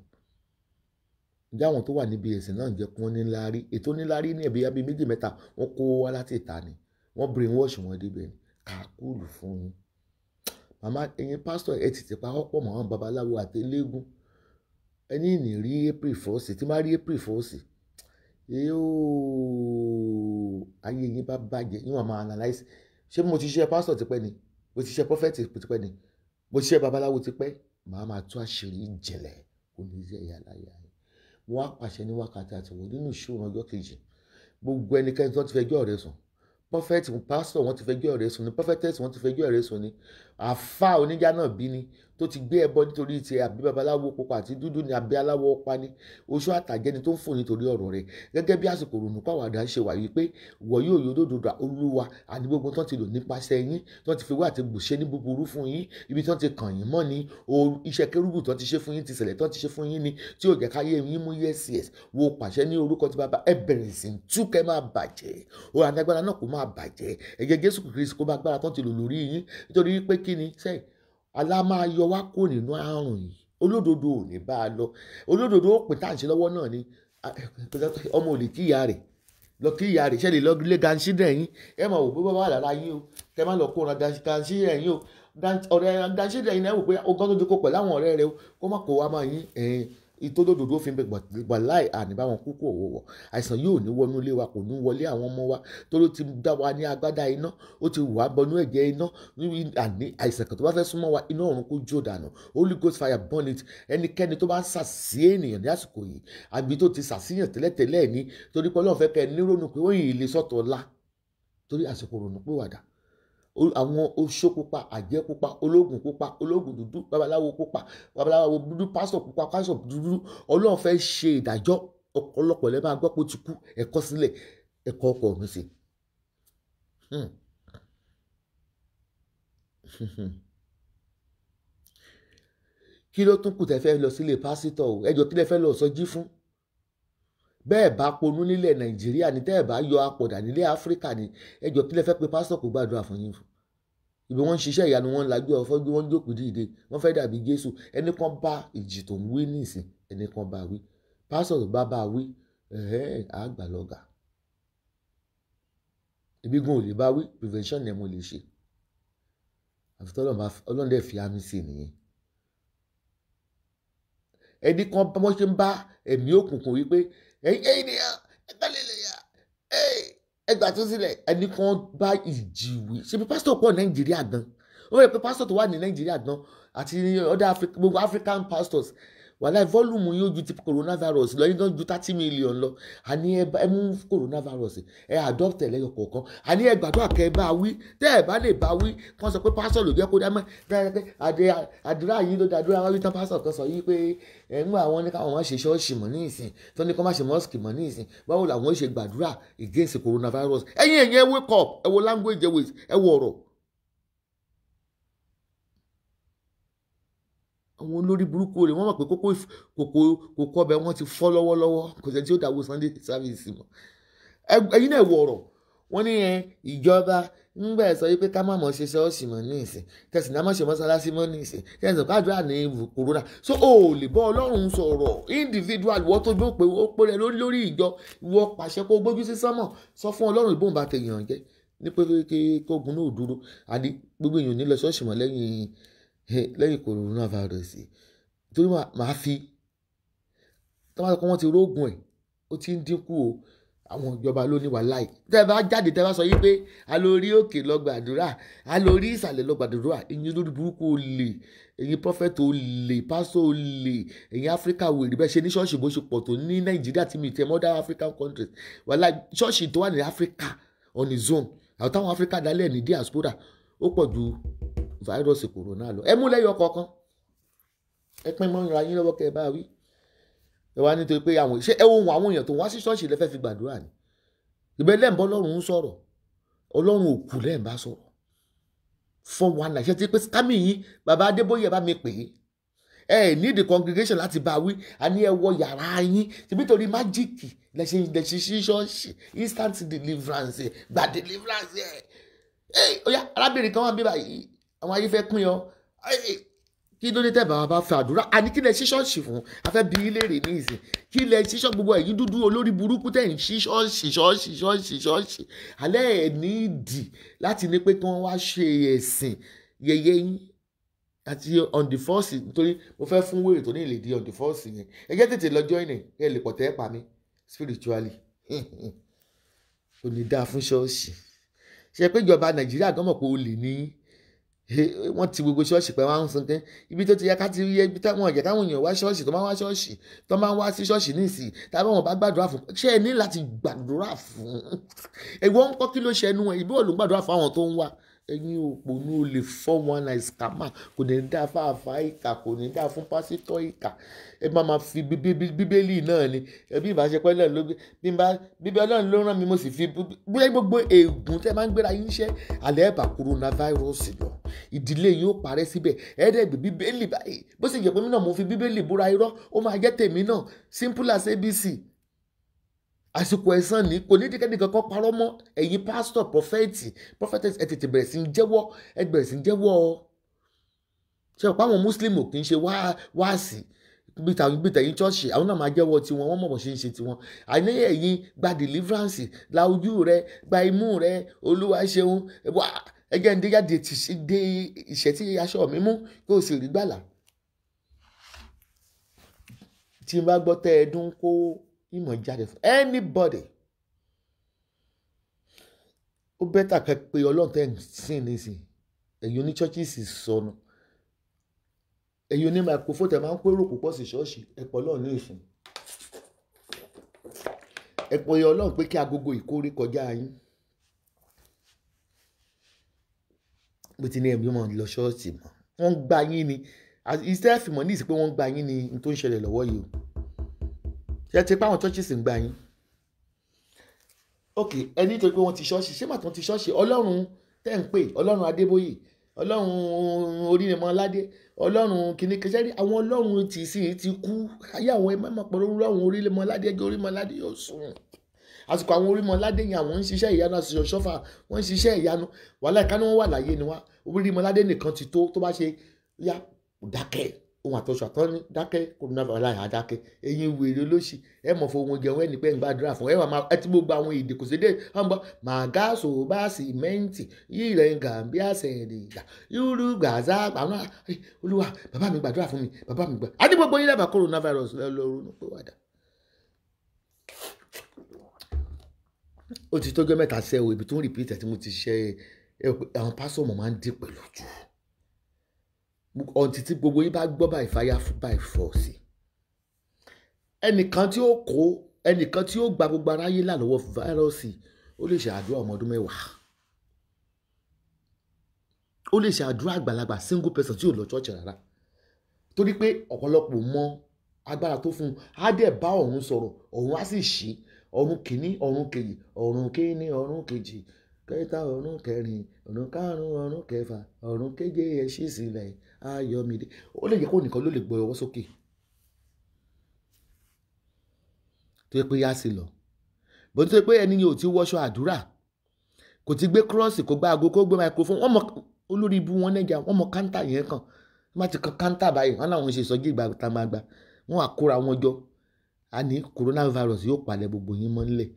bí àwọn tó wà níbi ẹ̀sìn náà jẹ́ kí wọ́n ní láárí ètò ní láárí ní ẹ̀bí abí méjì mẹ́ta wọ́n kó wá láti ìta ni wọ́n brain wash wọn débẹ̀ ni kàkúlù fún yín màmá ẹ̀yin pásítọ̀ ẹ̀ ti tìpa ọ̀pọ̀ mọ́ àwọn babaláwo àti eléégún ẹni ní rí april fọ́ọ̀sì tí máa rí april fọ́ọ̀sì yóò ayé yín bá bàjẹ́ yín wà máa analyse ṣé mo ti ṣe pásítọ̀ tipẹ́ ni mo ti ṣe prọfẹ̀tì tipẹ́ ni mo ti ṣe babaláwo tipẹ́ màá máa tú àṣírí ìjìnlẹ̀ oníṣẹ́ ẹ̀yà láyà yìí wọ́n á pàṣẹ ní wákàtí àtìwọ́ nínú ìṣòro ọjọ́ kejì gbogbo ẹnikẹ́ni tó ti fẹjọ́ rẹ̀ sùn prọfẹ̀tì pásítọ̀ wọn ti fẹjọ́ rẹ̀ sùn ni prọfẹ̀tẹ̀sì wọn ti fẹjọ́ rẹ̀ sùn ni àfa oníjà náà bí ni tó ti gbé ẹbọ nítorí ti àbí babaláwo pupa àti dúdú ni àbí aláwọ ọpa ni oṣù àtàjẹni tó ń fò nítorí ọ̀rọ̀ rẹ̀ gẹ́gẹ́ bí àsìkò rònú pàwàdà ṣe wà wípé wọ̀ yóò yóò dòdòdà olúwa àní gbogbo tán ti lò nípasẹ̀ yín tán ti fi wá àti bùṣe ní búburú fún yín ibi tán ti kàn yín mọ́ ni iṣẹ́ kérúbù tán ti ṣe fún yín ti ṣẹlẹ̀ tán ti ṣe fún yín ni tí ò jẹ́ káyé yín mú yes yes wo pàṣẹ ní orúkọ ti bàbá ẹ bẹ̀rẹ̀ sí tú kẹ́ máa bàjẹ́ o àdágbára náà kò máa bàjẹ́ ẹ̀jẹ̀ Jésù Kristi kó bá agbára tán ti lò lórí yín nítorí pé k kí ni sẹ́yìn alá máa yọ wá kó nínú àrùn yìí olódodo ò ní bá a lọ olódodo ó pè tá à ń ṣe lọ́wọ́ náà ni ọmọ ò lè kí ìyá rẹ̀ lọ kí ìyá rẹ̀ ṣẹlẹ̀ lọ lé gansi dẹ̀ yín ẹ máa wò pé bá wà lára yín o tẹ má lọ kó ra gansi dẹ̀ yín o ọ̀rẹ́ gansi dẹ̀ yín náà wò pé ogán tó ti kó pẹ̀lú àwọn ọ̀rẹ́ rẹ o kó má kó wa máa yín ẹ̀yìn ìtòdòdòdò fi ń bẹ gbà láì àníbáwọn kúkú òwò wọ àìsàn yóò ní wọnú ilé wa kò ní wọlé àwọn ọmọ wa tó ló ti dá wa ní agbádá iná ó ti wà bọnú ẹ̀jẹ̀ iná àní àìsàn kan tó bá fẹ́ súnmọ́ wa iná ọ̀run kó jó dànù holy ghost fire burn it ẹnikẹ́ni tó bá ń sàsí ènìyàn ní àsìkò yìí àbí tó ti sàsíyàn tẹ́lẹ̀tẹ́lẹ̀ ní torí pé ọlọ́run fẹ́ kẹ́ ẹ ní ronú pé ó yìn ilé sọ́tọ̀ ọ̀la torí àsìkò ronú pé wàdà àwọn oṣó pupa àjẹ́ pupa ológun pupa ológun dúdú babaláwo pupa babaláwo dúdú pásítọ̀ pupa pásítọ̀ dúdú ọlọ́run fẹ́ ṣe ìdájọ́ ọ̀pọ̀lọpọ̀ lẹ́ máa gbọ́ pé ó ti kú ẹ̀kọ́ sílẹ̀ ẹ̀kọ́ ọkọ̀ ọ̀run sí. Hmm. kí ló tún kù tẹ́ fẹ́ lọ sílé pásítọ̀ o ẹjọ́ kí lẹ fẹ́ lọ sọjí fún bẹ́ẹ̀ bá ponú nílẹ̀ nàìjíríà ni tẹ́ ẹ̀ bá yọ apọ̀dà nílẹ̀ áfíríkà ni ẹjọ́ kí lẹ fẹ́ pé pásítọ̀ kò gbàdúrà fún yín fún ibi wọ́n ń ṣiṣẹ́ ìyanu wọn lajú ọ̀fọ́ gbé wọ́n jókòó dìde wọ́n fẹ́ dàbí jésù ẹni kan bá ìjì tó ń wí nísìn ẹni kan bá wí pásítọ̀ tó bá bá wí àgbà lọ́gà ibi gan ò lè bá wí prevention ni mo lè ṣe àfi tí ọlọ́run dẹ̀ fi àmì sí nìyẹn ẹni ẹ̀yin ènìyàn ẹ̀kọ́ lè lè yà ẹgbà tó sílẹ̀ ẹni kan bá ìjìwé ṣebí pásítọ̀ pọ̀ nàìjíríà gan wọ́n rẹ̀ pé pásítọ̀ tó wà ní nàìjíríà gan àti ọ̀dà gbogbo African pastors wàhálà fọ́lùmù yóò ju ti coronavirus lọ yín tó ju thirty million lọ àní ẹ mú coronavirus ẹ adopt ẹ lẹ́yọ a àní ẹ gbàdúrà kẹ ẹ bá wí tẹ́ ẹ bá lè bá wí kàn sọ pé pásọ̀ ló jẹ́ kó dámẹ́ àdúrà yìí ló dàdúrà wá wí tán pásọ̀ kan sọ yìí pé ẹ ń gbà wọn ní káwọn má ṣe ṣọ́ọ̀ṣì mọ́ ní ìsìn tó ní kó má ṣe mọ́ọ̀sì mọ́ ní ìsìn báwo làwọn ṣe gbàdúrà against coronavirus ẹ̀yin ẹ̀yin ẹ wake up ẹ wo language ẹ wo ọ̀rọ̀ àwọn olórí burúkú rẹ̀ wọ́n mọ̀ pé kókó kókó ọbẹ̀ wọn ti fọ́ lọ́wọ́lọ́wọ́ kò sẹ́ni tí ó dàgbò Sunday service mọ́ ẹ̀yin náà wọ̀rọ̀ wọ́n ní ìjọba ńgbà ẹ̀ sọ wípé ká má mọ̀ ṣe ṣọ́ọ̀ṣì mọ́ ní ìsìn tẹ̀sí náà má ṣe mọ́ṣáláṣí mọ́ ní ìsìn tẹ̀sí náà ní kòrónà so o ò lè bọ́ ọlọ́run sọ̀rọ̀ individual wọ́n tó gbóòpé ó pé rẹ lórí lórí ìjọ wọ́n pàṣẹ kó gbójú sí sánmọ̀ sọ fún ọlọ́run ìbọn bá tẹ̀yàn jẹ́ ní pé kógun náà dúró àdí gbogbo èèyàn ní lọ ṣọ́ọ̀ṣì mọ́ lẹ́yìn lẹ́yìn coronavirus torí màá fi tọ́wọ́n kọ́ wọ́n ti rógùn ẹ̀ ó ti ń dínkù o àwọn ìjọba ló ní wàhálà yìí tẹ́ ẹ bá jáde tẹ́ ẹ bá sọ yìí pé a lọ rí òkè lọ gbàdúrà a lọ rí ìsàlẹ̀ lọ gbàdúrà ẹ̀yin lórí burúkú olè ẹ̀yin prophet olè pásọ olè ẹ̀yin áfíríkà wèrè bẹ́ẹ̀ ṣe ní ṣọ́ọ̀ṣì bó ṣe pọ̀ tó ní nàìjíríà tí mi tẹ́ mọ́dá african countries wàhálà ṣọ́ọ̀ṣì tó wà ní áfíríkà on its own àwọn táwọn áfíríkà dálẹ̀ ní diaspora ó pọ̀ ju fáírọ́ọ̀sì kòrónà lọ ẹ mú lẹ́yọ kọ̀ọ̀kan ẹ pín mọ́ ìra yín lọ́wọ́ kẹ́ ẹ bá wí ẹ wá nítorí pé àwọn ṣé ẹ ohun àwọn èèyàn tó wá sí ṣọ́ọ̀ṣì lẹ́fẹ́ fi gbàdúrà ni ìbẹ́ lẹ́ǹbọ́ ọlọ́run ń sọ̀rọ̀ ọlọ́run òkú lẹ́ǹbá sọ̀rọ̀ fún wa náà ṣe ti pé sítámì yín bàbá adébóyè bá mi pè é ẹ ní the congregation láti bá wí a ní ẹ wọ yàrá yín tìbí torí májíìkì lẹ́sẹ̀ lẹ́sẹ̀ sí ṣọ́ọ̀ṣì instant deliverance gba deliverance ẹ ẹ ọ̀yá arábìnrin kan wà bí báyìí àwọn ayé fẹ́ pín ọ kí ló dé tẹ̀ bàbá bá fẹ́ àdúrà àní kí lẹ ṣí ṣọ́ọ̀ṣì fún afẹ́ bí í léèrè ní ìsìn kí lẹ ṣí ṣọ́ọ̀ṣì gbogbo ẹ̀yìn dúdú olórí burúkú tẹ̀ ń ṣí ṣọ́ọ̀ṣì ṣọ́ọ̀ṣì ṣọ́ọ̀ṣì ṣọ́ọ̀ṣì alẹ́ ẹ̀ ní ìdì láti ní pé kí wọ́n wá ṣe ẹ̀sìn yẹyẹ yín àti on the force nítorí mo fẹ́ fún wèrè tó ní ìlè on the force yẹn ẹ jẹ́ tètè lọ join ẹ̀ ẹ lè pọ̀tẹ́ pa mi spiritually kò ní dáa fún ṣọ́ọ̀ṣì ṣe pé ìjọba Nàìjíríà gan mọ̀ pé o lè ní wọ́n ti gbogbo ṣọ́ọ̀ṣì pé wọ́n á ń sun kín ibi tó ti yẹ ká ti yẹ ibi táwọn ọ̀jẹ̀ káwọn èèyàn wá ṣọ́ọ̀ṣì tó máa wá ṣọ́ọ̀ṣì tó máa wá sí ṣọ́ọ̀ṣì nísìnyí tàbí wọn bá gbàdúrà fún ṣé ẹ ní láti gbàdúrà fún ẹ̀wọ̀n ń kọ́ kí ló ṣẹnu ẹ̀ ìbí òòlù gbàdúrà fún àwọn tó ń wá ẹ̀yin òpònú olè fọ́ wọn náà ìsìkàmà kò ní dá fáfá ìkà kò ní dá fún pásítọ̀ ìkà ẹ má máa fi bíbélì náà ni ẹbí ìbáṣepẹ́ náà ló bí bá bíbélì náà ló rán mi mo sì fi gbogbo ègún tẹ́ máa ń gbéra yín ṣẹ́ àlẹ́ ẹ̀bà kòrónàfáírọ́ọ̀sì lọ ìdílé yóò parẹ́ síbẹ̀ ẹ̀ẹ́dẹ̀gbẹ̀ bíbélì báyìí bó sì jẹ́ pé mí náà mo fi bíbélì búra irọ́ ó máa jẹ́ tèmi náà simple as abc àsìkò ẹ̀san ní kò ní dikẹ́ni kankan parọ́ mọ́ ẹ̀yin pásítọ̀ prọfẹ́tì prọfẹ́tì ẹ̀ tètè bẹ̀rẹ̀ sí ń jẹ́wọ́ ẹ̀ bẹ̀rẹ̀ sí ń jẹ́wọ́ ọ. ṣé ọ̀pá àwọn muslim ò kì í ṣe wáàsì bí tàbí bí chọ́ọ̀ṣì àwọn náà máa jẹ́wọ́ tiwọn wọ́n mọ̀ ṣe ń ṣe tiwọn. àní ẹ̀yin gba deliverance la ojú rẹ gba imú rẹ olúwa ṣeun wá ẹgẹ́ ń déyàdé dé ìṣẹ́ tí aṣọ mi mú kó o sì rí gbàlà. tí n bá gbọ́ tẹ́ ẹ dún kó ìmọ̀ jáde fún anybody ó bẹ́tà kẹ́ pé ọlọ́run tẹ́ ń sìn nísìn ẹ̀yin oní chọ́chíìsì sọnù ẹ̀yin oní microphone tẹ̀ máa ń pérò púpọ̀ sí ṣọ́ọ̀ṣì ẹ̀pọ̀ ọlọ́run ní ìsìn ẹ̀pọ̀ ẹ̀yọ ọlọ́run pé kí agogo ìkórè kọjá yín bó ti ní ẹ̀mí mọ̀ lọ ṣọ́ọ̀ṣì mọ̀ wọ́n gba yín ni iṣẹ́ ìfìmọ̀ ní ìsìn pé wọ́n gba yín ni n tó ń ṣẹlẹ̀ lọ́wọ́ yìí o ṣe ti pa àwọn churches ń gbà yín ok ẹni tó pé wọ́n ti ṣọ́ọ̀ṣì ṣé màtún ti ṣọ́ọ̀ṣì ọlọ́run tẹ́ ń pè ọlọ́run adébóyè ọlọ́run orílẹ̀-mọ́ládé ọlọ́run kìíní kẹsẹ́rí àwọn ọlọ́run ti sì ti kú ayé àwọn ẹ̀mọ́ ẹ̀mọ́ pẹ̀lú ọlọ́run orílẹ̀-mọ́ládé ẹgbẹ́ orílẹ̀-mọ́ládé yóò sùn àsìkò àwọn orílẹ̀-mọ́ládé yẹn àwọn ń ṣiṣẹ́ ìyanu àṣìṣe ṣọ́fà wọ́n ń ṣiṣẹ́ ìyanu wàhálà ìkànnì wọn wà láyé ni wá orílẹ̀-mọ́ládé nìkan ti tó tó bá ṣe yá dákẹ́ ohun àtọ̀ṣọ àtọ́ni dákẹ́ coronavirus àdákẹ́ ẹ̀yin wèrè olóṣì ẹ̀ mọ̀ fún ohun jẹun ẹni pé ń gbàdúrà fún ẹ̀ wà máa ẹtí gbogbo àwọn èdè kò sédè wọn bọ màgáàsó bá sìmẹ́ǹtì ilẹ̀ gàmbí àsẹ̀rìgà yúrú gàzá àwọn olúwa bàbá mi gbàdúrà fún mi bàbá mi gbà á ní gbogbo yín lẹ́bàá coronavirus lọ́rùn pé wàdà. ó ti tọ́jọ́ mẹ́ta sẹ́wọ̀ ibi tó ń rìpítẹ̀ tí mo ti ṣe àwọn pásọ̀ mọ̀ máa ń dín pẹ̀lú jù ọ̀ǹtí tí gbogbo yín bá gbọ́ by fire by force ẹnìkan tí ó kó ẹnìkan tí ó gba gbogbo aráyé là lọ́wọ́ fáírọ́ọ̀sì ó lè ṣe àdúrà ọmọ ọdún mẹ́wàá ó lè ṣe àgbàlagbà single person tí ò lọ church rárá torí pé ọ̀pọ̀lọpọ̀ mọ agbára tó fún un á dẹ̀ bá ọ̀run sọ̀rọ̀ ọ̀run á sì ṣí ọ̀run kìíní ọ̀run kejì ọ̀run kìíní ọ̀run kejì kẹta ọ̀run kẹrin ọ̀run karùn-ún ọ̀run kẹfà ọ̀run keje ẹ̀ ṣí sílẹ̀ Ayọ̀mídé ó lè jẹ́ kó nìkan ló lè gbọ́ ọwọ́ sókè tó yẹ pé yá sí lọ bó ti sọ pé ẹni yóò ti wọṣọ àdúrà kò ti gbé kírọ́ọ̀sì kò gba aago kó gbé microphone wọ́n mọ olórí ibu wọn nẹ́jà wọ́n mọ káńtà yẹn kàn wọ́n ti kan káńtà báyìí wọ́n làwọn ṣe sọjí ìgbà tá a máa gbà wọ́n àkóra wọn jọ àní coronavirus yóò palẹ̀ gbogbo yín mọ́ nílẹ̀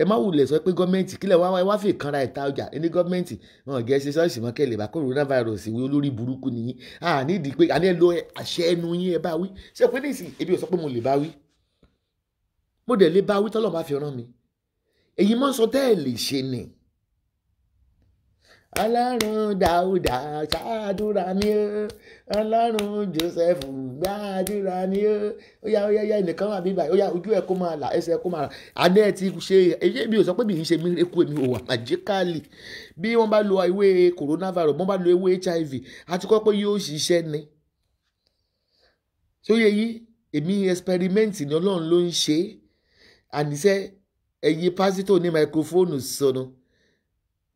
ẹ má wulẹ̀ sọ pé gọ́ọ̀mẹ̀ntì kílẹ̀ wá wá fi kanra ìta ọjà ẹni gọ́ọ̀mẹ̀ntì wọn ò gẹ́sẹ̀ ṣọ́ọ̀ṣì mọ́kẹ́ lè bá corona virus wí olórí burúkú nìyí à nídìí pé àní ẹ lo àṣẹ ẹnu yín ẹ bá wí ṣé pé ní ìsìn ebi ò sọ pé mo lè bá wí mo dẹ̀ lè bá wí tọ́lọ́ bá fi rán mi èyí mọ́ sọ tẹ́ẹ̀ lè ṣe nìyí ọlọ́run dáúdà ṣáàdúrà mi ó ọlọ́run joseph gbàdúrà mi ó óyá óyá óyá ẹnìkan wà bíbá óyá ojú ẹ kó máa là ẹsẹ̀ kó máa là adé ti ṣe èyí mi ò sọ pé mi ń ṣe mi eku mi ò wà màjíkàlì bí wọ́n bá lo ewé coronavirus wọ́n bá lo ewé hiv àti kọ́ pé yóò ṣiṣẹ́ ni sóyè yìí èmi experiment ni ọlọ́run ló ń ṣe àníṣe ẹ̀yin pásítọ̀ ní máikrófóònù sọnù. So no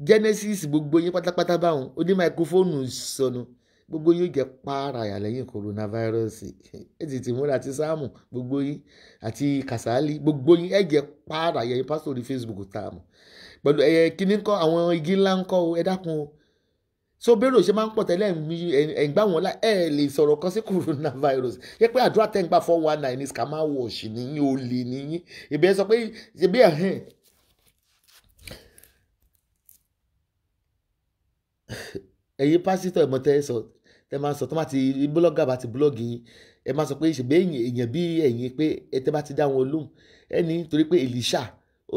genesis gbogbo yín pátápátá báwọn ó ní máikrófóònù sọnù gbogbo yín ó jẹ pààràyà lẹ́yìn coronavirus ètì tìmúra àti sáàmù gbogbo yín àti kàsálí gbogbo yín ẹ jẹ pààràyà yín pásítọ̀ orí facebook tá a mọ̀ pẹ̀lú ẹ̀yẹ kíní kọ́ àwọn igi ńlá ń kọ́ ẹ dákun o so bẹ́ẹ̀rù ṣe máa ń pọ̀ tẹ́lẹ̀ ẹ̀ ń gbà wọ́n la ẹ̀ lè sọ̀rọ̀ kan sí coronavirus yẹ pé àdúrà tẹ̀ ń gbà four one nine ní scammer wash nìyí olè nìyí ìbí ẹ sọ pé ìbí ẹ̀ ẹ̀yin pásítọ̀ ẹ̀mọ́ tẹ́ sọ tẹ́ máa sọ tó máa ti búlọ́gà bá ti búlọ́gì yín ẹ máa sọ pé ìṣègbè èèyàn bí ẹ̀yin pé ẹ tẹ́ bá ti dá wọn lóhùn ẹni torí pé Èlíṣà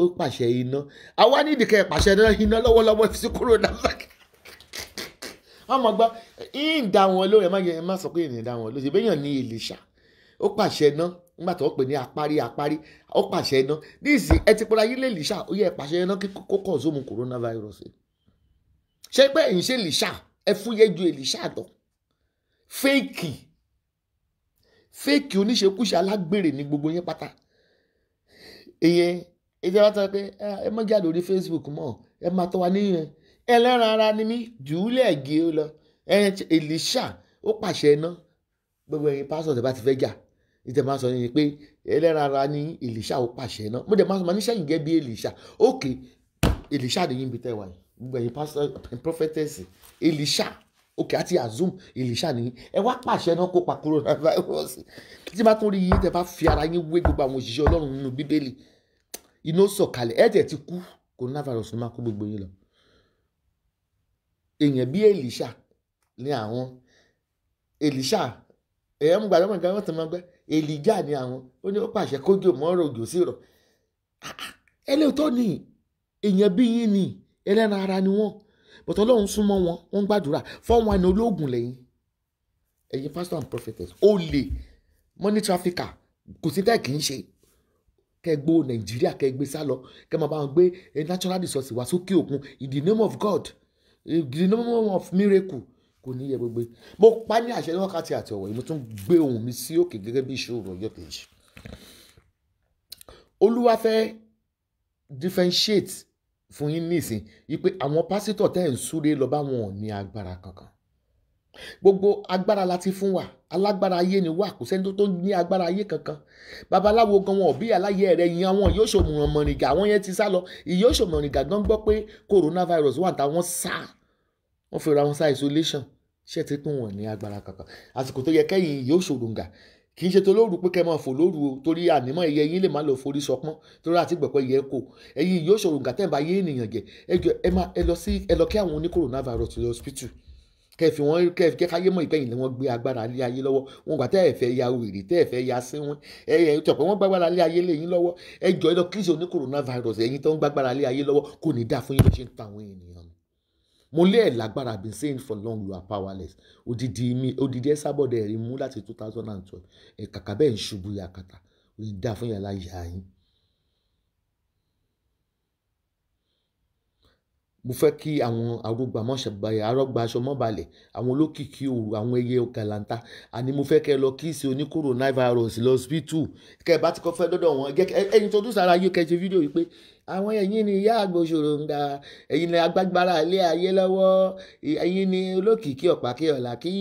ó pàṣẹ iná àwa ní ìdìkẹ́ pàṣẹ iná lọ́wọ́lọ́wọ́ sí kúrò náà àmọ́ gbọ́ ń dá wọn lóhùn ẹ má yẹ ẹ má sọ pé èèyàn dá wọn lóhùn ṣègbè èèyàn ní Èlíṣà ó pàṣẹ iná nígbà tó pè ní apárí apárí ó pàṣẹ iná ní ìsìn ẹ ti pọ́ra yín lè Èlíṣà ó yẹ pàṣẹ iná kí kókó zoom coronavirus yìí ṣé pé ẹ̀yin ṣe Èlíṣà ẹ fúyẹ́ ju Èlíṣà lọ fẹ́ẹ̀kì fẹ́ẹ̀kì oníṣekúṣe alágbèrè ní gbogbo yín pátá ìyẹn ìjọba bá tọ́ pé ah, ẹ má jáde lórí Facebook mọ́ ẹ má tọ́ wa níyẹn ẹlẹ́ran ara ni mí jùúlẹ̀ gé o lọ Èlíṣà ó pàṣẹ iná gbogbo ẹ̀yin pásọ̀ tẹ́ bá ti fẹ́ jà ìtẹ̀ máa sọ ni pé ẹlẹ́ran ara ni Èlíṣà ó pàṣẹ iná mo dẹ̀ máa sọ ma ní sẹ́yìn gẹ́ bí Èlíṣà ókè Èlíṣà nìyí ń bi gbogbo pastor, pásítọ̀ prophetess elisha òkè àti azum elisha ni, ẹ wá pàṣẹ náà kópa coronavirus tí bá tún rí yín tẹ bá fi ara yín wé gbogbo àwọn òṣìṣẹ́ ọlọ́run nínú bíbélì iná sọ̀kalẹ̀ ẹ̀jẹ̀ ti kú coronavirus ló máa kó gbogbo yín lọ èèyàn bí elisha ni àwọn elisha èèyàn ń gbàdúrà nǹkan wọn tó máa gbẹ elija ní àwọn ó ní ó pàṣẹ kójò mọ́ òjò sí rọ̀ ah, ah, ẹ lè tó ní èèyàn bí yín nìyí ẹlẹ́ran ara ni wọ́n bọ̀tọ̀ ọlọ́run súnmọ́ wọn wọ́n ń gbàdúrà fọ́wọn ni olóògùn lẹ́yìn ẹ̀yin pastor and prophetess olè money trafficker kò sí tẹ́ẹ̀ kì í ṣe kẹgbó nàìjíríà kẹgbé sá lọ kẹ máa bá wọn gbé natural resources wá sókè òkun in the name of God in the name of miracle kò ní yẹ gbogbo mo pa ní àṣẹ wákàtí àti ọ̀wọ̀ mo tún gbé ohùn mi sí òkè gẹ́gẹ́ bí ìṣòro ọjọ́ kejì olúwa fẹ́ differentiate fún yín nísìn wípé àwọn pásítọ̀ tẹ́ ń súré lọ bá wọn ò ní agbára kankan gbogbo agbára la ti fún wa alágbára ayé ni wà kò sẹ́ni tó ní agbára ayé kankan babaláwo gan wọn òbí aláyé rẹ̀ yin àwọn yóò ṣòmùràn mọ̀rìngà àwọn yẹn ti sá lọ ìyóò ṣòmọ̀rìngà gan gbọ́ pé coronavirus wà táwọn sá wọ́n fi ra wọn sá isolation ṣé ti pín wọn ní agbára kankan àsìkò tó yẹ kẹ́yìn yóò ṣòròǹgà kì í ṣe tó lóru pé kẹ́ máa fò lóru o torí ànímọ́ ẹyẹ yín lè má lọ forí sọpọ́n torí àti gbẹ̀pẹ́ yẹ kò ẹ̀yin yóò ṣòro nǹkan tẹ́ǹbà yé ènìyàn jẹ ẹ lọ sí ẹ lọ kí àwọn oní coronavirus lọ hospital kẹfì wọn kẹfì kẹ káyé mọ ìgbẹ̀yìn lẹ́wọ̀n gbé agbára lé ayé lọ́wọ́ wọn gbà tẹ́ ẹ fẹ́ ya wèrè tẹ́ ẹ fẹ́ ya sínwín ẹ ẹ tọ̀pẹ́ wọn gbàgbára lé ayé lẹ́yìn lọ́wọ́ ẹ jọ ẹ lọ kí ṣe oní coronavirus ẹ̀yin tó ń gbàgbára lé ayé lọ́wọ́ kò ní dáa fún yín bó ṣe ń ta àwọn ènìyàn mo lé ẹ̀ lágbára been saying for long you are powerless odidi mi odidi ẹ sábọ̀dẹ̀ rí mú láti two thousand and twelve ẹ̀ kàkà bẹ́ẹ̀ ń ṣubú yakata ó yẹ dá fún yàrá yà yín. mo fẹ́ kí àwọn arógbàmọ́ṣẹ̀báyà arọ́gbàṣọmọ́balẹ̀ àwọn olókìkí òru àwọn ẹyẹ galanta àní mo fẹ́ kẹ́ lọ kí sí oní coronavirus lọ́sibítù kẹ́ ẹ bá ti kọ́ fẹ́ dọ́dọ̀ wọn ẹ̀yin tó dùn sára yìí kẹ́ ṣe fídíò yìí pé àwọn ẹ̀yin ni ìyá àgbòṣòròǹgà ẹ̀yin ni agbágbára ilé ayé lọ́wọ́ ẹ̀yin ni olókìkí ọ̀pákí ọ̀làkí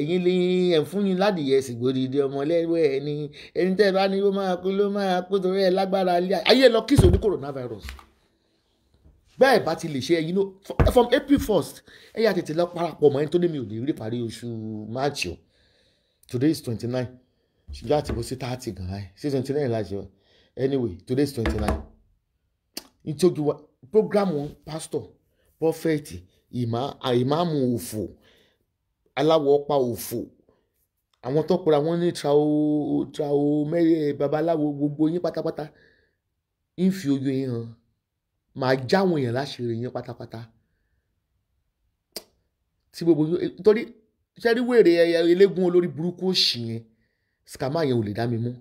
ẹ̀yin ni ẹ̀fúnni ládìyẹ ṣìgbòdìdì ọmọlẹ́wẹ́ ẹni ẹni tẹ́ ẹ bá ní ó máa kú ló máa kú torí ẹ lágbára ilé ayé lọ kí ìṣòro coronavirus bẹ́ẹ̀ bá ti lè ṣe ẹ̀yin from April first ẹ yà tètè lọ parapọ̀ mọ́ ẹni tó ní mi ò ní rí parí oṣù March o today is twenty nine ṣùgbọ́n àtìbó sí thirty gan-an sí twenty nine láti ṣe anyway today is twenty nine nti ojuwa program pastor prophet ìmá ìmáàmù òfò aláwọ̀ ọ̀pá òfò àwọn tó pera wọn ní trao trao mẹ́rẹ̀ eh, babaláwo gbogbo yín pátápátá ń fi ojú yín hàn máa jáwọn èèyàn láṣìírí yín pátápátá tí gbogbo yín torí sẹ́rí wèrè eh, eléégún olórí burúkú òṣì yẹn sìkàmá yẹn ò lè dá mi mú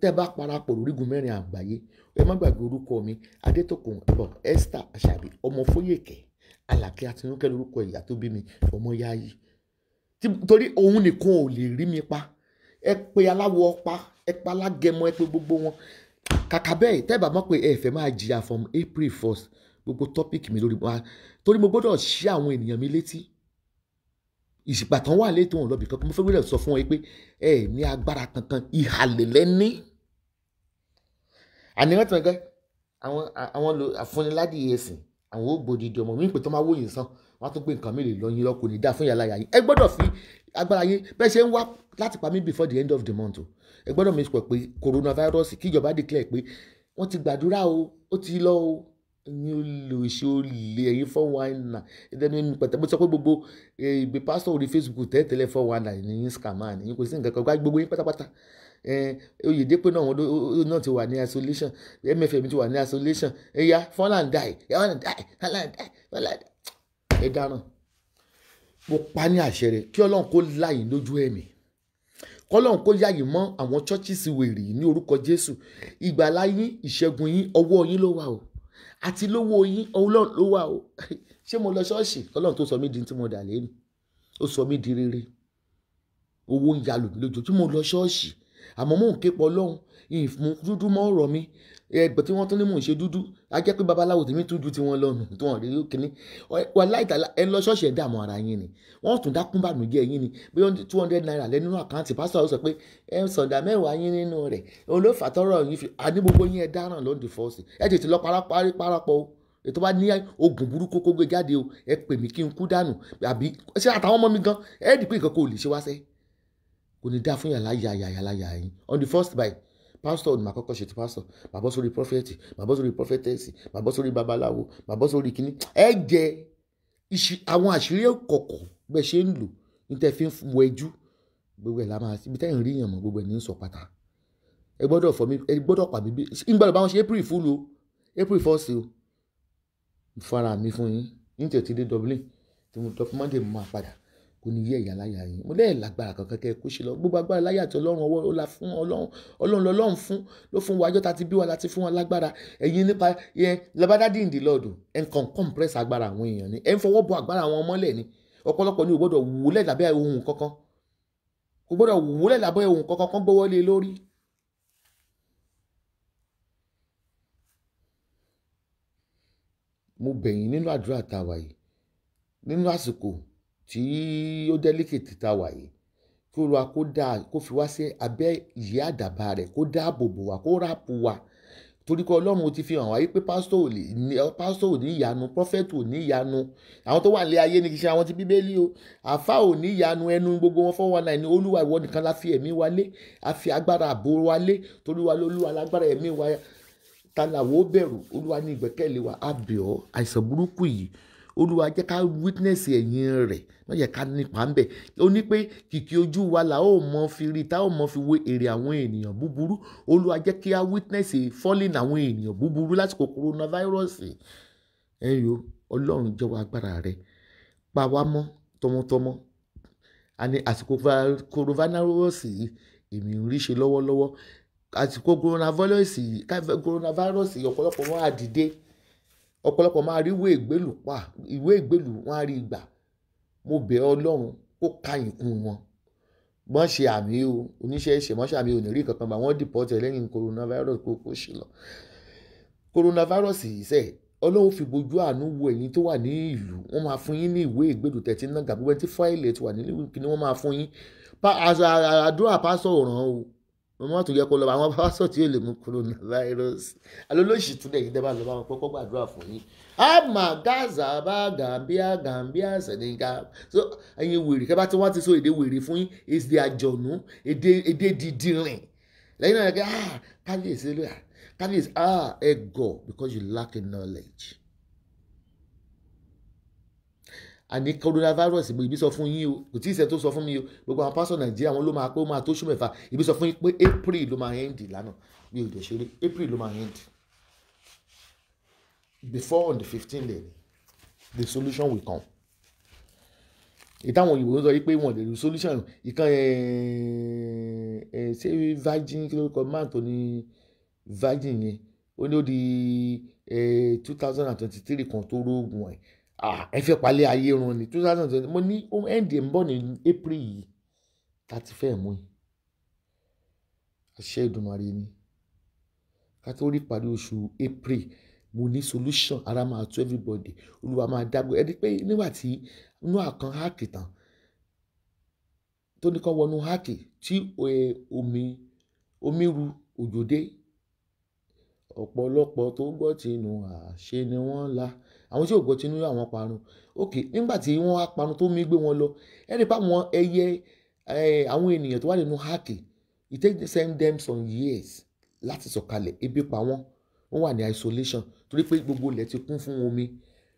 tẹ́ bá parapọ̀ lórígun mẹ́rin àgbáyé ẹ má gbàgbé orúkọ mi adétòkùn ẹ̀bọ̀ esther àṣàbí ọmọ fóyèkè alàkẹ́ àtinúkẹ́ lórúkọ ìyá tó bí mi ọmọ yáyí torí òun nìkan ò lè rí mi pa ẹ pe aláwọ̀ ọ̀pá ẹ pa alágẹmọ ẹ pe gbogbo wọn kàkà bẹ́ẹ̀ tẹ́ bá mọ̀ pé ẹ fẹ́ máa jìyà from april 1st, gbogbo topic mi lórí wa torí mo gbọ́dọ̀ ṣí àwọn ènìyàn mi létí ìsìgbà tán wà létò òun lọ́bì kankan mo fẹ́ wílẹ̀ sọ fún ẹ pé ẹ ní agbára kankan ìhàlẹ̀ lẹ́ní. àní rántí wọn gẹ́ àwọn àwọn lo àfúniládìí ẹ̀sìn àwọn ògbòdìdì ọmọ mi ń pè tó máa wòye sàn wọn á tún gbé nǹkan mi lè lọ yín lọ kò ní dá fún yàrá yàrá yín ẹ gbọ́dọ̀ fi agbára yín bẹ́ẹ̀ ṣe ń wá láti pa mí before the end of the month o ẹ gbọ́dọ̀ mi sọ pé coronavirus kíjọba declare pé wọ́n ti gbàdúrà o ó ti lọ o ní olùṣe olè ẹ̀yìn four one nine ẹ̀dẹ́nu ẹni pẹ̀tẹ́ mo sọ pé gbogbo ìgbé pásítọ̀ orí Facebook tẹ́tẹ́lẹ̀ four one nine ní scammer ní kò sí nǹkan kan gbogbo yín pátápátá oyèdèpé náà wọn náà ti wà ní isolation MFM ti wà ní isolation ẹ̀yà fọ́nlàndàì fọ́nlàndàì fọ́nlàndàì fọ́nlàndàì ẹ̀ dáràn mo pa ní àṣẹ rẹ kí ọlọ́run kó láyìn lójú ẹ̀mí kọlọ́run kó yàyè mọ́ àwọn chọ́chìsì wèrè ní orúkọ Jésù ìgbàlá yín ìṣẹ́gun yín ọwọ́ yín ló wà o àti lówó yín ọlọ́run ló wà o ṣé mo lọ ṣọ́ọ̀ṣì ọlọ́run tó sọ mí di tí mo dà lẹ́nu ó sọ mí di rere owó ń yalò mí lójoojúmọ́ lọ ṣọ́ọ̀ṣì àmọ́ mò ń képa ọlọ́run ìfún dúdú mọ́ ọ̀rọ̀ mi ẹgbẹ́ tí wọ́n tún ní mò ń ṣe dúdú á jẹ́ pé babaláwo tèmi tún ju tiwọn lọ́nu tó wọn rí kínní wà láìtàlá ẹ lọ ṣọ́ọ̀ṣì ẹ̀ dààmú ara yín ni wọ́n tún dákún bànújẹ́ yín ni bí wọ́n two hundred naira lẹ́nu àkáǹtì pásítọ̀ sọ pé ẹ sọ̀dà mẹ́wàá yín nínú rẹ̀ olófà tọrọ yín fi àní gbogbo yín ẹ dáràn lọ́dún fọ́ọ̀sì ẹ tètè lọ parapọ̀ o ètò bá ní oògùn burúkú kó gbé jáde o ẹ pè mí kí n kú dànù àbí ṣé àtàwọn ọmọ mi gan ẹ rí i pé nǹkan kò lè ṣe wá sẹ́ kò ní dá fún yàrá yàyà on the first bite pásítọ̀ ni màá kọ́kọ́ ṣe ti pásítọ̀ màá bọ́ sórí prọfẹ̀tì màá bọ́ sórí prọfẹ̀tẹ̀sì màá bọ́ sórí babaláwo màá bọ́ sórí kínní ẹ jẹ àwọn àṣírí kọ̀kọ̀ bẹ́ẹ̀ ṣe ń lò ní fi ń wọ ẹjú gbogbo ẹ̀ la máa ibi tẹ́yìn rí yàn mọ́ gbogbo ẹ̀ ní sọ pátá ẹ gbọ́dọ̀ fọ mi ẹ gbọ́dọ̀ pa mi bí n gbọ́dọ̀ bá wọn ṣe april fún lo april fọ́ọ̀sì o fara mi fún yín ní tètè dé Dublin tí mo dọ́kúmọ́dé mo máa padà ó ní yé ẹ̀yà láyà yín mo lẹ́yìn lágbára kankan kẹ́ ẹ kó ṣe lọ gbogbo agbára láyà tí ọlọ́run ọwọ́ ó la fún ọlọ́run ọlọ́run lọ́lọ́run fún ló fún wa ọjọ́ ta ti bí wa la ti fún wa lágbára ẹ̀yin nípa yẹn labadadi ìdí lọ́ọ̀dù ẹ̀ ń kàn compress agbára àwọn èèyàn ni ẹ̀ ń fọwọ́ bọ agbára àwọn ọmọlẹ̀ ni ọ̀pọ̀lọpọ̀ ni ò gbọ́dọ̀ wúlẹ̀ lábẹ́ ohun kankan kò wúlẹ̀ lábẹ́ ohun kankan lórí mo bẹ̀ nínú àdúrà tàwa yìí nínú àsìkò tí ó dẹ́líkètì ta wà yìí kí olúwa kó dáa kó fi wá sí abẹ́ ìyẹ́ àdàbà rẹ̀ kó dáàbò bò wá kó ráàpù wá torí pé ọlọ́run ti fi hàn wáyé pé pásítọ̀ ò ní ìyanu prọfẹ̀tì ò ní ìyanu àwọn tó wà nílé ayé ni kì í ṣe àwọn ti bíbélì o àfa ò ní ìyanu ẹnu gbogbo wọn fọwọ́ náà ni olúwa ìwọ nìkan la fi ẹ̀mí wa lé a fi agbára àbò wa lé torí wa lolúwa lágbára ẹ̀mí wa ta bẹ̀rù olúwa ní ìgbẹ́kẹ̀lé wa a àìsàn burúkú yìí olúwa jẹ́ ká witness ẹ̀yìn rẹ̀ má jẹ́ ká nípa ń bẹ̀ ó ní pé kìkì ojú wa là ó mọ fi rí tá ó mọ fi wo èrè àwọn ènìyàn búburú olúwa jẹ́ kí á witness falling àwọn ènìyàn búburú lásìkò coronavirus ẹ̀yọ́ ọlọ́run jọ̀wọ́ agbára rẹ̀ pa wá mọ́ tọmọtọmọ àní àsìkò coronavirus yìí èmi ń rí ṣe lọ́wọ́lọ́wọ́ àsìkò coronavirus yìí coronavirus yìí ọ̀pọ̀lọpọ̀ wọn á dìde ọ̀pọ̀lọpọ̀ máa rí ìwé ìgbélù pa ìwé ìgbélù wọn á rí ìgbà mo bẹ̀ ọlọ́run kó ka ìkún wọn mọ́ ṣe àmì o oníṣẹ́ ṣe mọ́ ṣe àmì o ní rí kankan gbà wọ́n dìpọ́tẹ̀ lẹ́yìn coronavirus kó kó ṣe lọ coronavirus yìí sẹ́ ọlọ́run fi bojú àánú wo ẹ̀yin tó wà ní ìlú wọ́n máa fún yín ní ìwé ìgbèlú tẹ̀tí náà gàgbọ́ tí fáìlì ẹ̀ ti wà nílùú kí ni wọ́n máa fún yín àdúrà pásọ̀ ràn o mo má tún yẹ kó lọ àwọn pásọ tí yóò lè mú coronavirus alólóṣì tún lẹ́yìn dẹ́gbà lọ́wọ́ àwọn pọ́pọ́ gbàdúrà fún yín ama gaza bá gambia gambia senegal so ẹ̀yin wèrè kẹ́ bá tí wọ́n ti sọ èdè wèrè fún yín èdè àjọ̀nú èdè èdè dídìrín lẹ́yìn náà yẹ kí ah kábíyèsí lóya kábíyèsí ah ẹ gọ̀ because you lack knowledge àní coronavirus bó ibi sọ fún yín o kò tí ì sẹ́ tó sọ fún mi o gbogbo àwọn pásọ nàìjíríà wọn ló máa pé ó máa tó oṣù mẹ́fà ibi sọ fún yín pé april ló máa end lánàá mi ò dẹ̀ ṣeré april ló máa end before on the fifteen lè ní the solution will come ìtàwọn òyìnbó ń sọ pé wọn lè lu solution ìkan ẹ eh, ẹ eh, eh, ṣé virgin kí ló kọ máà tó ní virgin yẹn ó ní ó di two thousand and twenty three kan tó rógun ẹ̀ ẹ fẹ́ palẹ̀ ayé run ni two thousand twenty mo ní home end ń bọ̀ ní April yìí láti fẹ́ mú yìí àṣẹ Èdùmàrè ni ká tó rí parí oṣù April mo ní solution ara máa tó everybody olúwa máa dágbé ẹni pé nígbà tí inú àkàn háàkì tán tó ní kán wọnú háàkì tí omi omi ru òjò dé ọ̀pọ̀lọpọ̀ tó gbọ́ tinú àṣẹ ni wọ́n la àwọn tí ò gbọ́ tinú àwọn parun ok nígbà tí wọ́n á parun tó mí gbé wọn lọ ẹni pa àwọn ẹyẹ àwọn ènìyàn tó wà nínú háàkì it take send them some years láti sọ̀kalẹ̀ ebi pa wọ́n wọ́n wà ní isolation torí pé gbogbo ilẹ̀ ti kún fún omi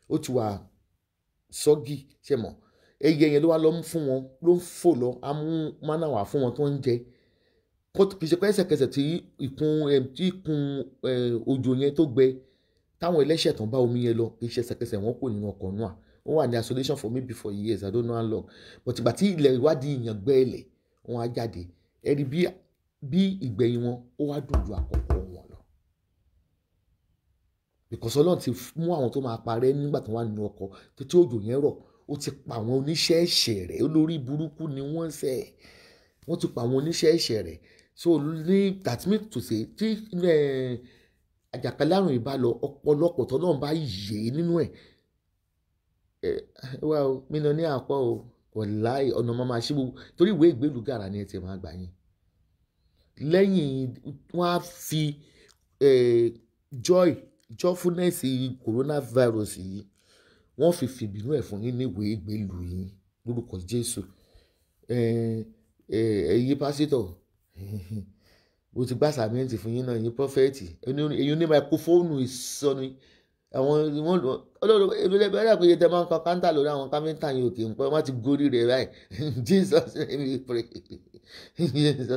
ó ti wà sọ́gì ṣe mọ̀ ẹyẹ yẹn ló wá lọ fún wọn ló ń fò lọ amú fún wọn tó ń jẹ kò kì í ṣe pé ẹsẹ̀kẹsẹ̀ tí ìkún òjò yẹn tó gbẹ táwọn ẹlẹ́ṣẹ̀ tán bá omi yẹn lọ kì í ṣe ẹsẹ̀kẹsẹ̀ kò nínú ọkọ̀ náà wọ́n wà ní isolation for me before years I don't know how long but ìgbà tí ilẹ̀ ìwádìí ìyàn gbẹ́ ilẹ̀ wọn á jáde ẹni bí bí ìgbẹ̀yìn wọn ó wá dùn ju àkọ́kọ́ wọn lọ because ọlọ́run ti mú àwọn tó máa parẹ́ nígbà tó wà nínú ọkọ̀ tó tí òjò yẹn rọ̀ ó ti pa àwọn oníṣẹ́ ẹ̀ṣẹ̀ rẹ̀ olórí burúkú ni wọ́n ṣẹ̀ wọ́n ti pa àwọn oníṣẹ́ ẹ̀ṣẹ̀ rẹ̀ so ní that means to say tí eh, àjàkálẹ̀ àrùn ìbálò ọ̀pọ̀lọpọ̀ tó náà bá yè é nínú ẹ̀ ẹ wá o mi nà ní àpọ̀ o kò láì ọ̀nà máa máa ṣe gbogbo torí ìwé ìgbélú gàrà ni ẹ ti máa gbà yín lẹ́yìn wọ́n á fi joy joyfulness coronavirus yìí wọ́n fi fìbínú ẹ̀ fún yín ní ìwé ìgbélú yín lórúkọ Jésù ẹ̀yin pásítọ̀ o ti gbá sàmẹ́ǹtì fún yín náà yín prọfẹ̀tì èyí ní máikrófóònù ìsọnu àwọn wọn olóòrò ìlúlẹ̀ bẹ́ẹ̀ pé tẹ máa ń kọ káńtà lórí àwọn kámẹ́ńtà yìí òkè ń wọ́n ti gorí rẹ̀ báyìí Jesus name pray Jesus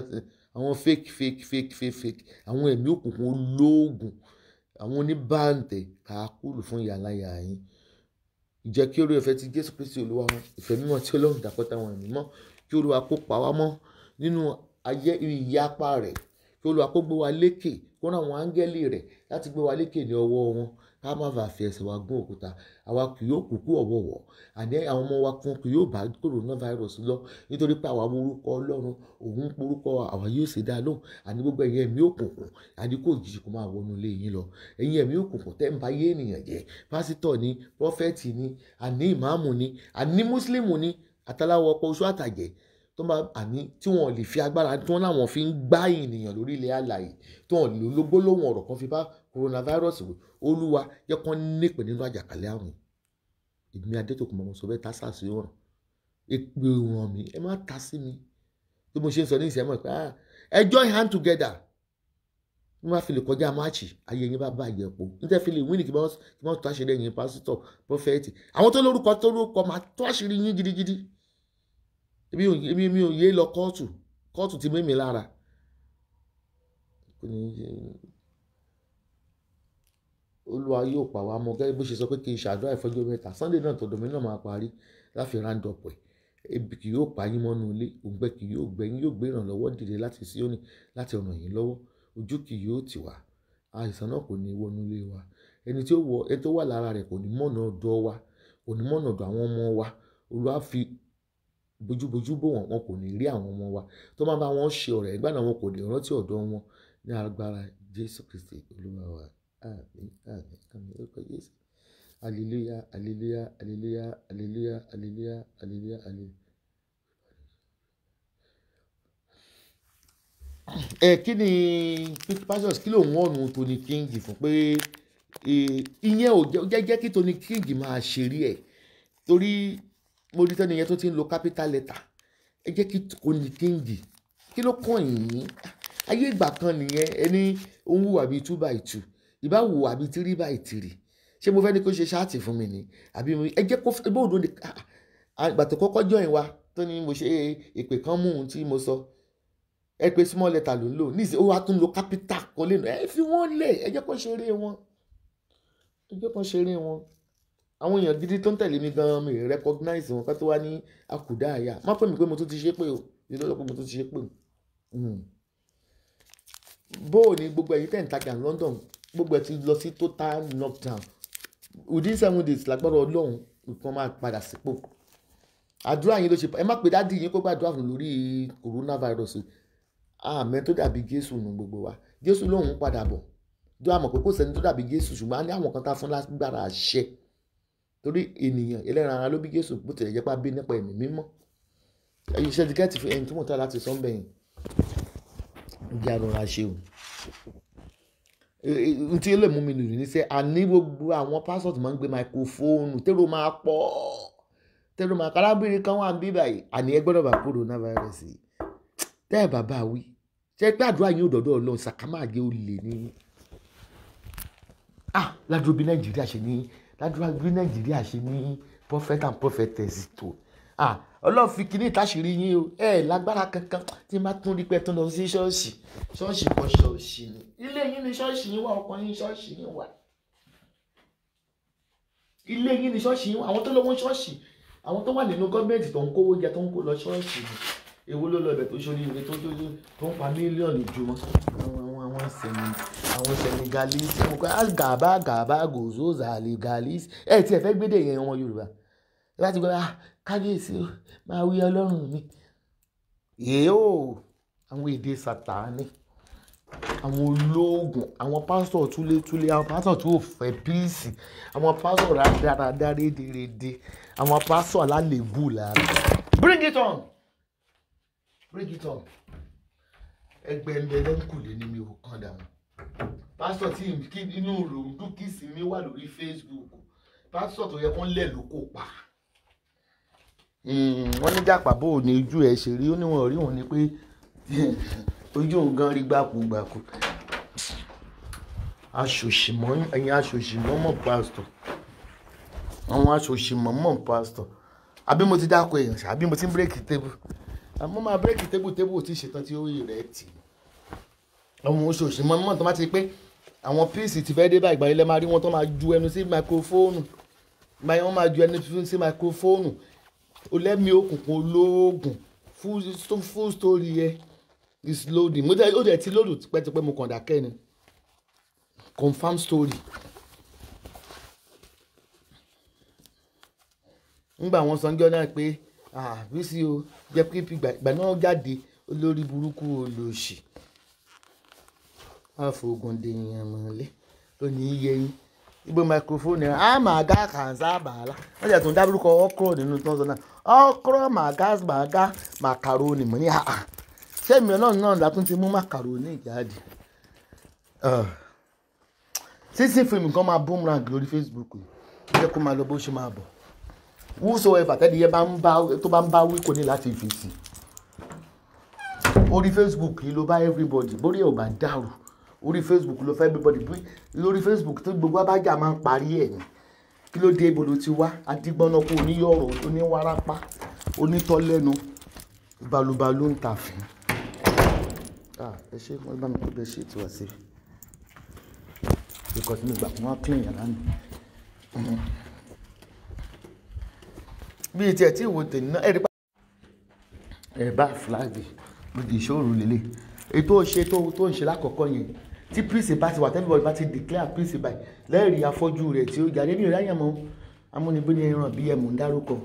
àwọn fake fake fake fake fake àwọn ẹ̀mí òkùnkùn olóògùn àwọn oníbàǹtẹ̀ kàákùlù fún ìyàláyà yín ìjẹ́ kí orí ìfẹ́ ti Jésù Kristi Olúwa wọn ìfẹ́ mímọ́ tí Ọlọ́run dàkọ́ta wọn ẹ̀mí mọ́ kí Olúwa kó pa wá mọ́ nínú ayé ìyapa rẹ̀ kí olúwa kó gbé wa lékè kó rán àwọn áńgẹ́lì rẹ̀ láti gbé wa lékè ní ọwọ́ wọn ká má bàa fi ẹsẹ̀ wa gún òkúta àwa kì yóò kúkú ọ̀wọ̀wọ̀ àní àwọn ọmọ wa kan kì yóò bá coronavirus lọ nítorí pé àwa orúkọ ọlọ́run òun orúkọ àwa yóò ṣe dá lóhùn àní gbogbo ẹ̀yin ẹ̀mí òkùnkùn àní kò jìjì kó máa wọnú ilé yín lọ ẹ̀yin ẹ̀mí òkùnkùn tẹ́ ń ba yé ènìyàn jẹ́ pásítọ̀ ni prọfẹ̀tì ni àní ìmáàmù ni àní mùsùlùmù ni àtàláwọ̀ ọkọ̀ oṣù àtàjẹ́ tó máa àní tí wọn lè fi agbára tí wọn láwọn fi ń gbá ènìyàn lórí ilẹ̀ alàyè tí wọn lò lógbólóhùn ọ̀rọ̀ kan fi bá coronavirus wò olúwa yẹ kán nípè nínú àjàkálẹ̀ àrùn èmi adétòkùn mọ́ sọ bẹ́ẹ̀ tásà sí ọ̀ràn èpè ọ̀ràn mi ẹ má ta sí mi bí mo ṣe ń sọ ní ìsẹ́mọ̀ pé ah, ẹ join hand together bí wọ́n á fi lè kọjá máàcì ayé yín bá bá yẹ po níta fi lè wí ní kí wọ́n tó àṣírí ẹ̀yìn pásítọ̀ prọfẹ̀tì àwọn tó lórúkọ tó lórúkọ máa tó àṣírí yín gidigidi èmi mi ò yé lọ kóòtù kóòtù ti mímí lára olúwa yóò pa wá mọ gẹ́gẹ́ bó ṣe sọ pé kí n ṣàdúrà ìfọ́jọ́ mẹ́ta sunday náà tọ̀dọ̀ mi náà máa parí láfi ráńdọ̀pọ̀ ẹ̀ ebi kì yóò pa yín mọ́nú ilé òǹgbẹ kì yóò gbẹ yín yóò gbé ìrànlọ́wọ́ dìde láti Síónì láti ràn yín lọ́wọ́ ojú kì yóò tì wá àìsàn náà kò ní wọnú ilé wa ẹni tí ó wọ ẹni tó wà lára rẹ̀ kò ní mọ̀nà ọ̀dọ̀ wa kò ní mọ̀nà ọ̀dọ̀ àwọn ọmọ wa olúwa fi bójúbójú bò wọ́n wọn kò ní rí àwọn ọmọ wa tó máa bá wọn ṣe ọ̀rẹ́ ìgbà náà wọn kò ní rántí ọ̀dọ̀ wọn ní agbára jésù kristi olúwa wa àmín àmín àmín orúkọ jésù aleluya aleluya aleluya aleluya aleluya aleluya aleluya. ẹ kí ni pastors kí ló ń wọ́n nu Tony King fún pé ìyẹn ò jẹ́ jẹ́ kí Tony King máa ṣeré ẹ̀ torí mo rí tẹ́ni yẹn tó ti ń lo capital letter ẹ jẹ́ kí kò ní kéńjì kí ló kàn yín ayé ìgbà kan nìyẹn ẹni ó ń hùwà bíi two by two ìbá hùwà bíi three by three ṣé mo fẹ́ ní kó ṣe ṣáàtì fún mi ni àbí ẹ jẹ́ kó ẹ bóòdó ni àgbàtọ̀ ah, ah, ah, kọ́kọ́ join wa tó ní mo ṣe èpè eh, kan mú ohun tí mo sọ ẹ pé small letter ló ń lò ní ìsìn ó wá tún lo capital kan lẹ́nu ẹ fi wọ́n lẹ̀ ẹ jẹ́ kó ṣeré wọn ẹ jẹ́ kó ṣeré wọn àwọn èèyàn gidi tó ń tẹ̀lé mi gan mi recognize wọn ká tó wá ní àkùdá àyà má pè mí pé mo tún ti ṣe pé o ní lọ́dọ̀ pé mo tún ti ṣe pé o. Hmm. bó o gbogbo ẹ̀yin tẹ̀ London gbogbo ẹ̀ ti lọ sí total knockdown within seven days lágbọ́dọ̀ ọlọ́run nǹkan máa padà sípò àdúrà yín ló ṣe ẹ má pe dádì yín kó gbàdúrà fún lórí coronavirus àmín tó dàbí Jésù nù gbogbo wa Jésù lòun padà bọ̀ jọ àmọ̀ pé kò sẹ́ni tó dàbí Jésù ṣùgbọ́n á ní àwọn kan tá a fún lágbára àṣẹ torí ènìyàn ẹlẹ́ran ara ló bí Jésù bó tilẹ̀ jẹ́ pé a bí nípa ẹ̀mí mímọ́ iṣẹ́ ti gẹ́ẹ̀tì fún ẹni tó mọ̀ tá láti sọ́n bẹ̀yìn ìdí àrùnra ṣe o n tí ó lè mú mi lùlù ní sẹ́ àní gbogbo àwọn pásọ̀tì máa ń gbé máikrófóònù tẹ́rọ máa pọ̀ tẹ́rọ máa kárábìrì kan wà ń bí báyìí àní ẹ gbọ́dọ̀ bá kòrónà fáírọ́ọ̀sì tẹ́ ẹ̀ bàbá wí ṣe pé àdúrà yín ò Ọlọ́run sàkámàgé ò lè ní. ah ládùúgbò bí Nàìjíríà ṣe ní ládùúgbò gbé nàìjíríà ṣe ní prophet and prophetess tó ọlọ́run fi kíní ìtàṣírí yín o ẹ lágbára kankan tí má tún rí pé tún lọ sí ṣọ́ọ̀ṣì ṣọ́ọ̀ṣì kan ṣọ́ọ̀ṣì ni ilé yín ni ṣọ́ọ̀ṣì yín wà ọkàn yín ṣọ́ọ̀ṣì yín wà ilé yín ni ṣọ́ọ̀ṣì yín wà àwọn tó lọ́wọ́ ṣọ́ọ̀ṣì àwọn tó wà nínú gọ́ọ̀mẹ̀ntì tó ń kówó jẹ tó ń kó lọ ṣọ́ọ̀ṣì ni èwo ló lọ ibẹ̀ tó ṣoríire tó tó tó ń pa mílíọ̀nù jùmọ̀ àwọn àwọn Senegal àwọn Senegalese wọn kọ gàbá gàbá gòzó zàlè galese ẹ tiẹ̀ fẹ́ gbédè yẹn wọn Yorùbá ẹ bá ti gbọ́ kábíyèsí o máa wí Ọlọ́run mi èé o àwọn èdè sàtáni àwọn olóògùn àwọn pásítọ̀ túlétúlé àwọn pásítọ̀ tó fẹ́ píìsì àwọn pásítọ̀ rádaràdá rédèrèdè àwọn pásítọ̀ alálèébù lára. bring it on bring it on ẹgbẹ̀lẹ̀ ló ń kùlé ní mi ò kàn dànù pásítọ̀ tí inú ròǹdù kìsì mi wà lórí Facebook pásítọ̀ tó yẹ kán lẹ̀ ló kó pa hmm, wọ́n ní jàpá bò ní ojú ẹ̀ ṣe rí ó níwọ̀n rí òun ni pé ojú òun gan rí gbàkúgbàkú aṣòṣìmọ́ ẹ̀yin aṣòṣìmọ́ mọ̀ pásítọ̀ àwọn aṣòṣìmọ́ mọ̀ pásítọ̀ àbí mo ti dáko èèyàn ṣàbí mo ti ń bírèkì tébù àmọ́ máa bírèkì tébù tébù tí ṣetán tí ó yìí rẹ̀ tì ọmọ oṣooṣù mọ́ mọ́ tó má ti pé àwọn píìsì ti fẹ́ dé bá ìgbà ilẹ̀ máa rí wọn tó máa ju ẹnu sí máikrófóònù báyìí wọ́n máa ju ẹnu sí máikrófóònù olẹ́mi òkùnkùn olóògùn full story yẹ is loading mo jẹ́ ó jẹ́ ti lóòdù tipẹ́tipẹ́ mo kàn dákẹ́ ni confam story. ńgbà wọn sọ ń jọ náà pé àbísí ah, o jẹ́ pé ìgbà náà jáde olórí burúkú olóòṣì àfọgùn dèèyàn mọ́lẹ̀ lónìí yẹyìn ibo microphone rẹ a máa ga kànsa bàálà wọ́n jẹ́ tó ń dábìlú kọ okro nínú tó ń sọ náà okro màgá màgá macaroni mọ́ ní àhà sẹ́mi ọlọ́run náà látún ti mú macaroni jáde ah. sísìn fíìmù kan máa boomerang lórí Facebook yẹ kó máa lọ bó ṣe máa bọ̀ whosoever tẹ́lẹ̀ yẹn tó bá ń bá wí kò ní láti fi sí orí facebook yìí ló bá everybody bórí ẹ̀ ò bá dàrú orí facebook ló fẹ́ everybody bí lórí facebook tó gbogbo abájà máa ń parí ẹ̀ ni kí ló dé ibodò ti wá adigbọ́nà kó oníyọ̀rọ̀ oníwárápá onítọ́lẹ́nu balùbalù ń tàfin ẹ ṣe wọn bá mi kó bẹ ṣe tiwa sí i because mi gbà kí wọn clean yàrá mi bí etí ẹ̀ tí ìwò tèmi náà ẹ̀rí pa. ẹ bá fúláàgì lóde ìṣòro lélẹ̀ ètò ìṣe tó ń ṣe lákọ̀ọ́kọ́ yẹn tí prince bá ti wà tẹ́lifọ̀ bá ti declare prince by lẹ́ẹ̀rí afọ́jú rẹ̀ tí ó jáde ní ìráyàn mọ́ amúnibí ni ẹran bí ẹ̀mú ń dárúkọ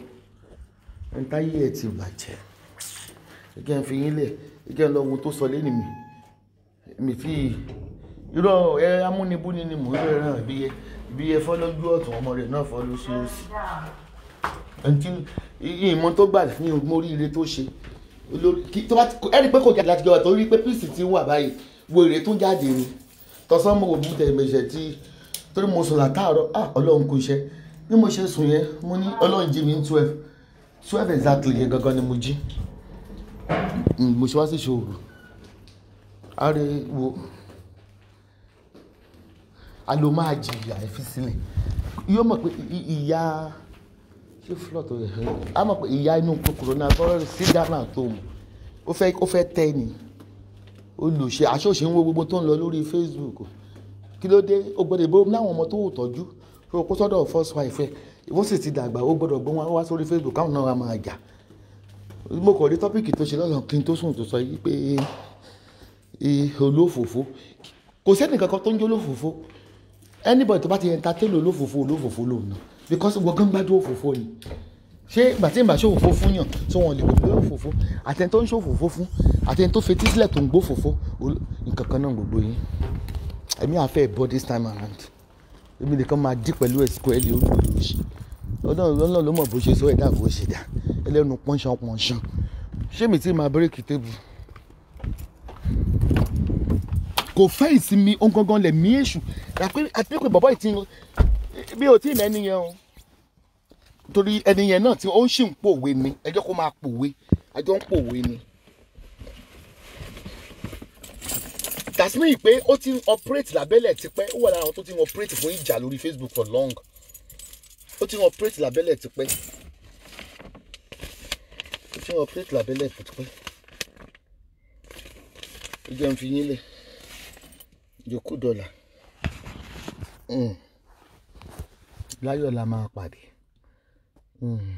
ẹni táyé ẹ̀ ti bàjẹ́ ẹ̀kẹ́ ń fi yín lẹ̀ ẹ̀kẹ́ ń lọ ohun tó sọ lẹ́nu mi mi fi irọ́ ẹ amúnibú ni mò ń rẹ̀ ràn bí ẹ fọ́ lójú ọ̀tún ọmọ rẹ̀ náà fọ́ lóṣooṣù ẹnití iye ìmọ̀ tó gbà fún mi mo rí ire tó ṣe olórí tó bá ẹni pé kò jáde láti jọba torí pé píìsì ti ń wà báyìí wo èrè tó jáde ni tọ́sán mo wò bú tẹ̀gbẹ̀ṣẹ̀ tí torí mo sùn látàárọ̀ ah ọlọ́run kò ṣe bí mo ṣe sùn yẹn mo ní ọlọ́run jí mi ní twelve twelve exactly yẹn gangan ni mo jí hmm, mo ṣe wá sí ìṣòro ariwo a ló máa jìyà ẹ sílẹ̀ yóò mọ̀ pé ìyá tí flood tó yẹ a mọ̀ pé ìyá inú coronavirus sí ghana tó mu ó fẹ́ ó fẹ́ tẹ́ ni olùṣe àṣọṣe ń wo gbogbo tó ń lọ lórí facebook kí ló dé ó gbọ́dọ̀ ìbò láwọn ọmọ tó wò tọ́jú ó kó sọ́dọ̀ first wife ẹ̀ ìwọ sì ti dàgbà ó gbọ́dọ̀ gbọ́n wá sórí facebook káwọn náà máa jà mo kàn rí tọ́pìkì tó ṣe lọ́sàn kí n tó sùn tó sọ yìí pé olófòfó kò sẹ́nìkankan tó ń jẹ́ olófòfó anybody tó bá ti entertain olófòfó olófòfó lòun náà because wọ́n gán gbádùn òfófó ni ṣé bàtí ìbá ṣòfófó fún yàn tí wọn lè gbogbo òfófó àtẹni tó ń ṣòfófó fún àtẹni tó fetí sílẹ̀ tó ń gbó òfófó nǹkan kan náà gbogbo yín èmi á fẹ́ bọ́ this time around èmi nìkan máa dí pẹ̀lú ẹ̀sìkò ẹ̀lì olùdókòwòsì ọlọ́run ló mọ̀ bó ṣe sọ ẹ̀dá àbò ṣe dà ẹlẹ́nu pọ́nṣán pọ́nṣán ṣé mi ti máa bírèkì tébù kò fẹ́ ìsinmi ó ń gangan lẹ̀ mí èṣù àpé àpé pé bàbá ìtì mi ò tí ì mẹ́ni yẹn o torí ẹni yẹn náà tí ó ń ṣì ń pòwe ni ẹjọ́ kó máa pòwe ẹjọ́ ń pòwe ni. dasmin pé ó ti ń operate lábẹ́lẹ̀ tipẹ́ ó wà lára àwọn tó ti ń operate fún ìjà lórí Facebook for long ó ti ń operate lábẹ́lẹ̀ tipẹ́ ó ti ń operate lábẹ́lẹ̀ tipẹ́ ó jẹun fi yín lẹ̀ yòókù dọ́là. Mm láyọ̀ la máa pàdé. Hmm.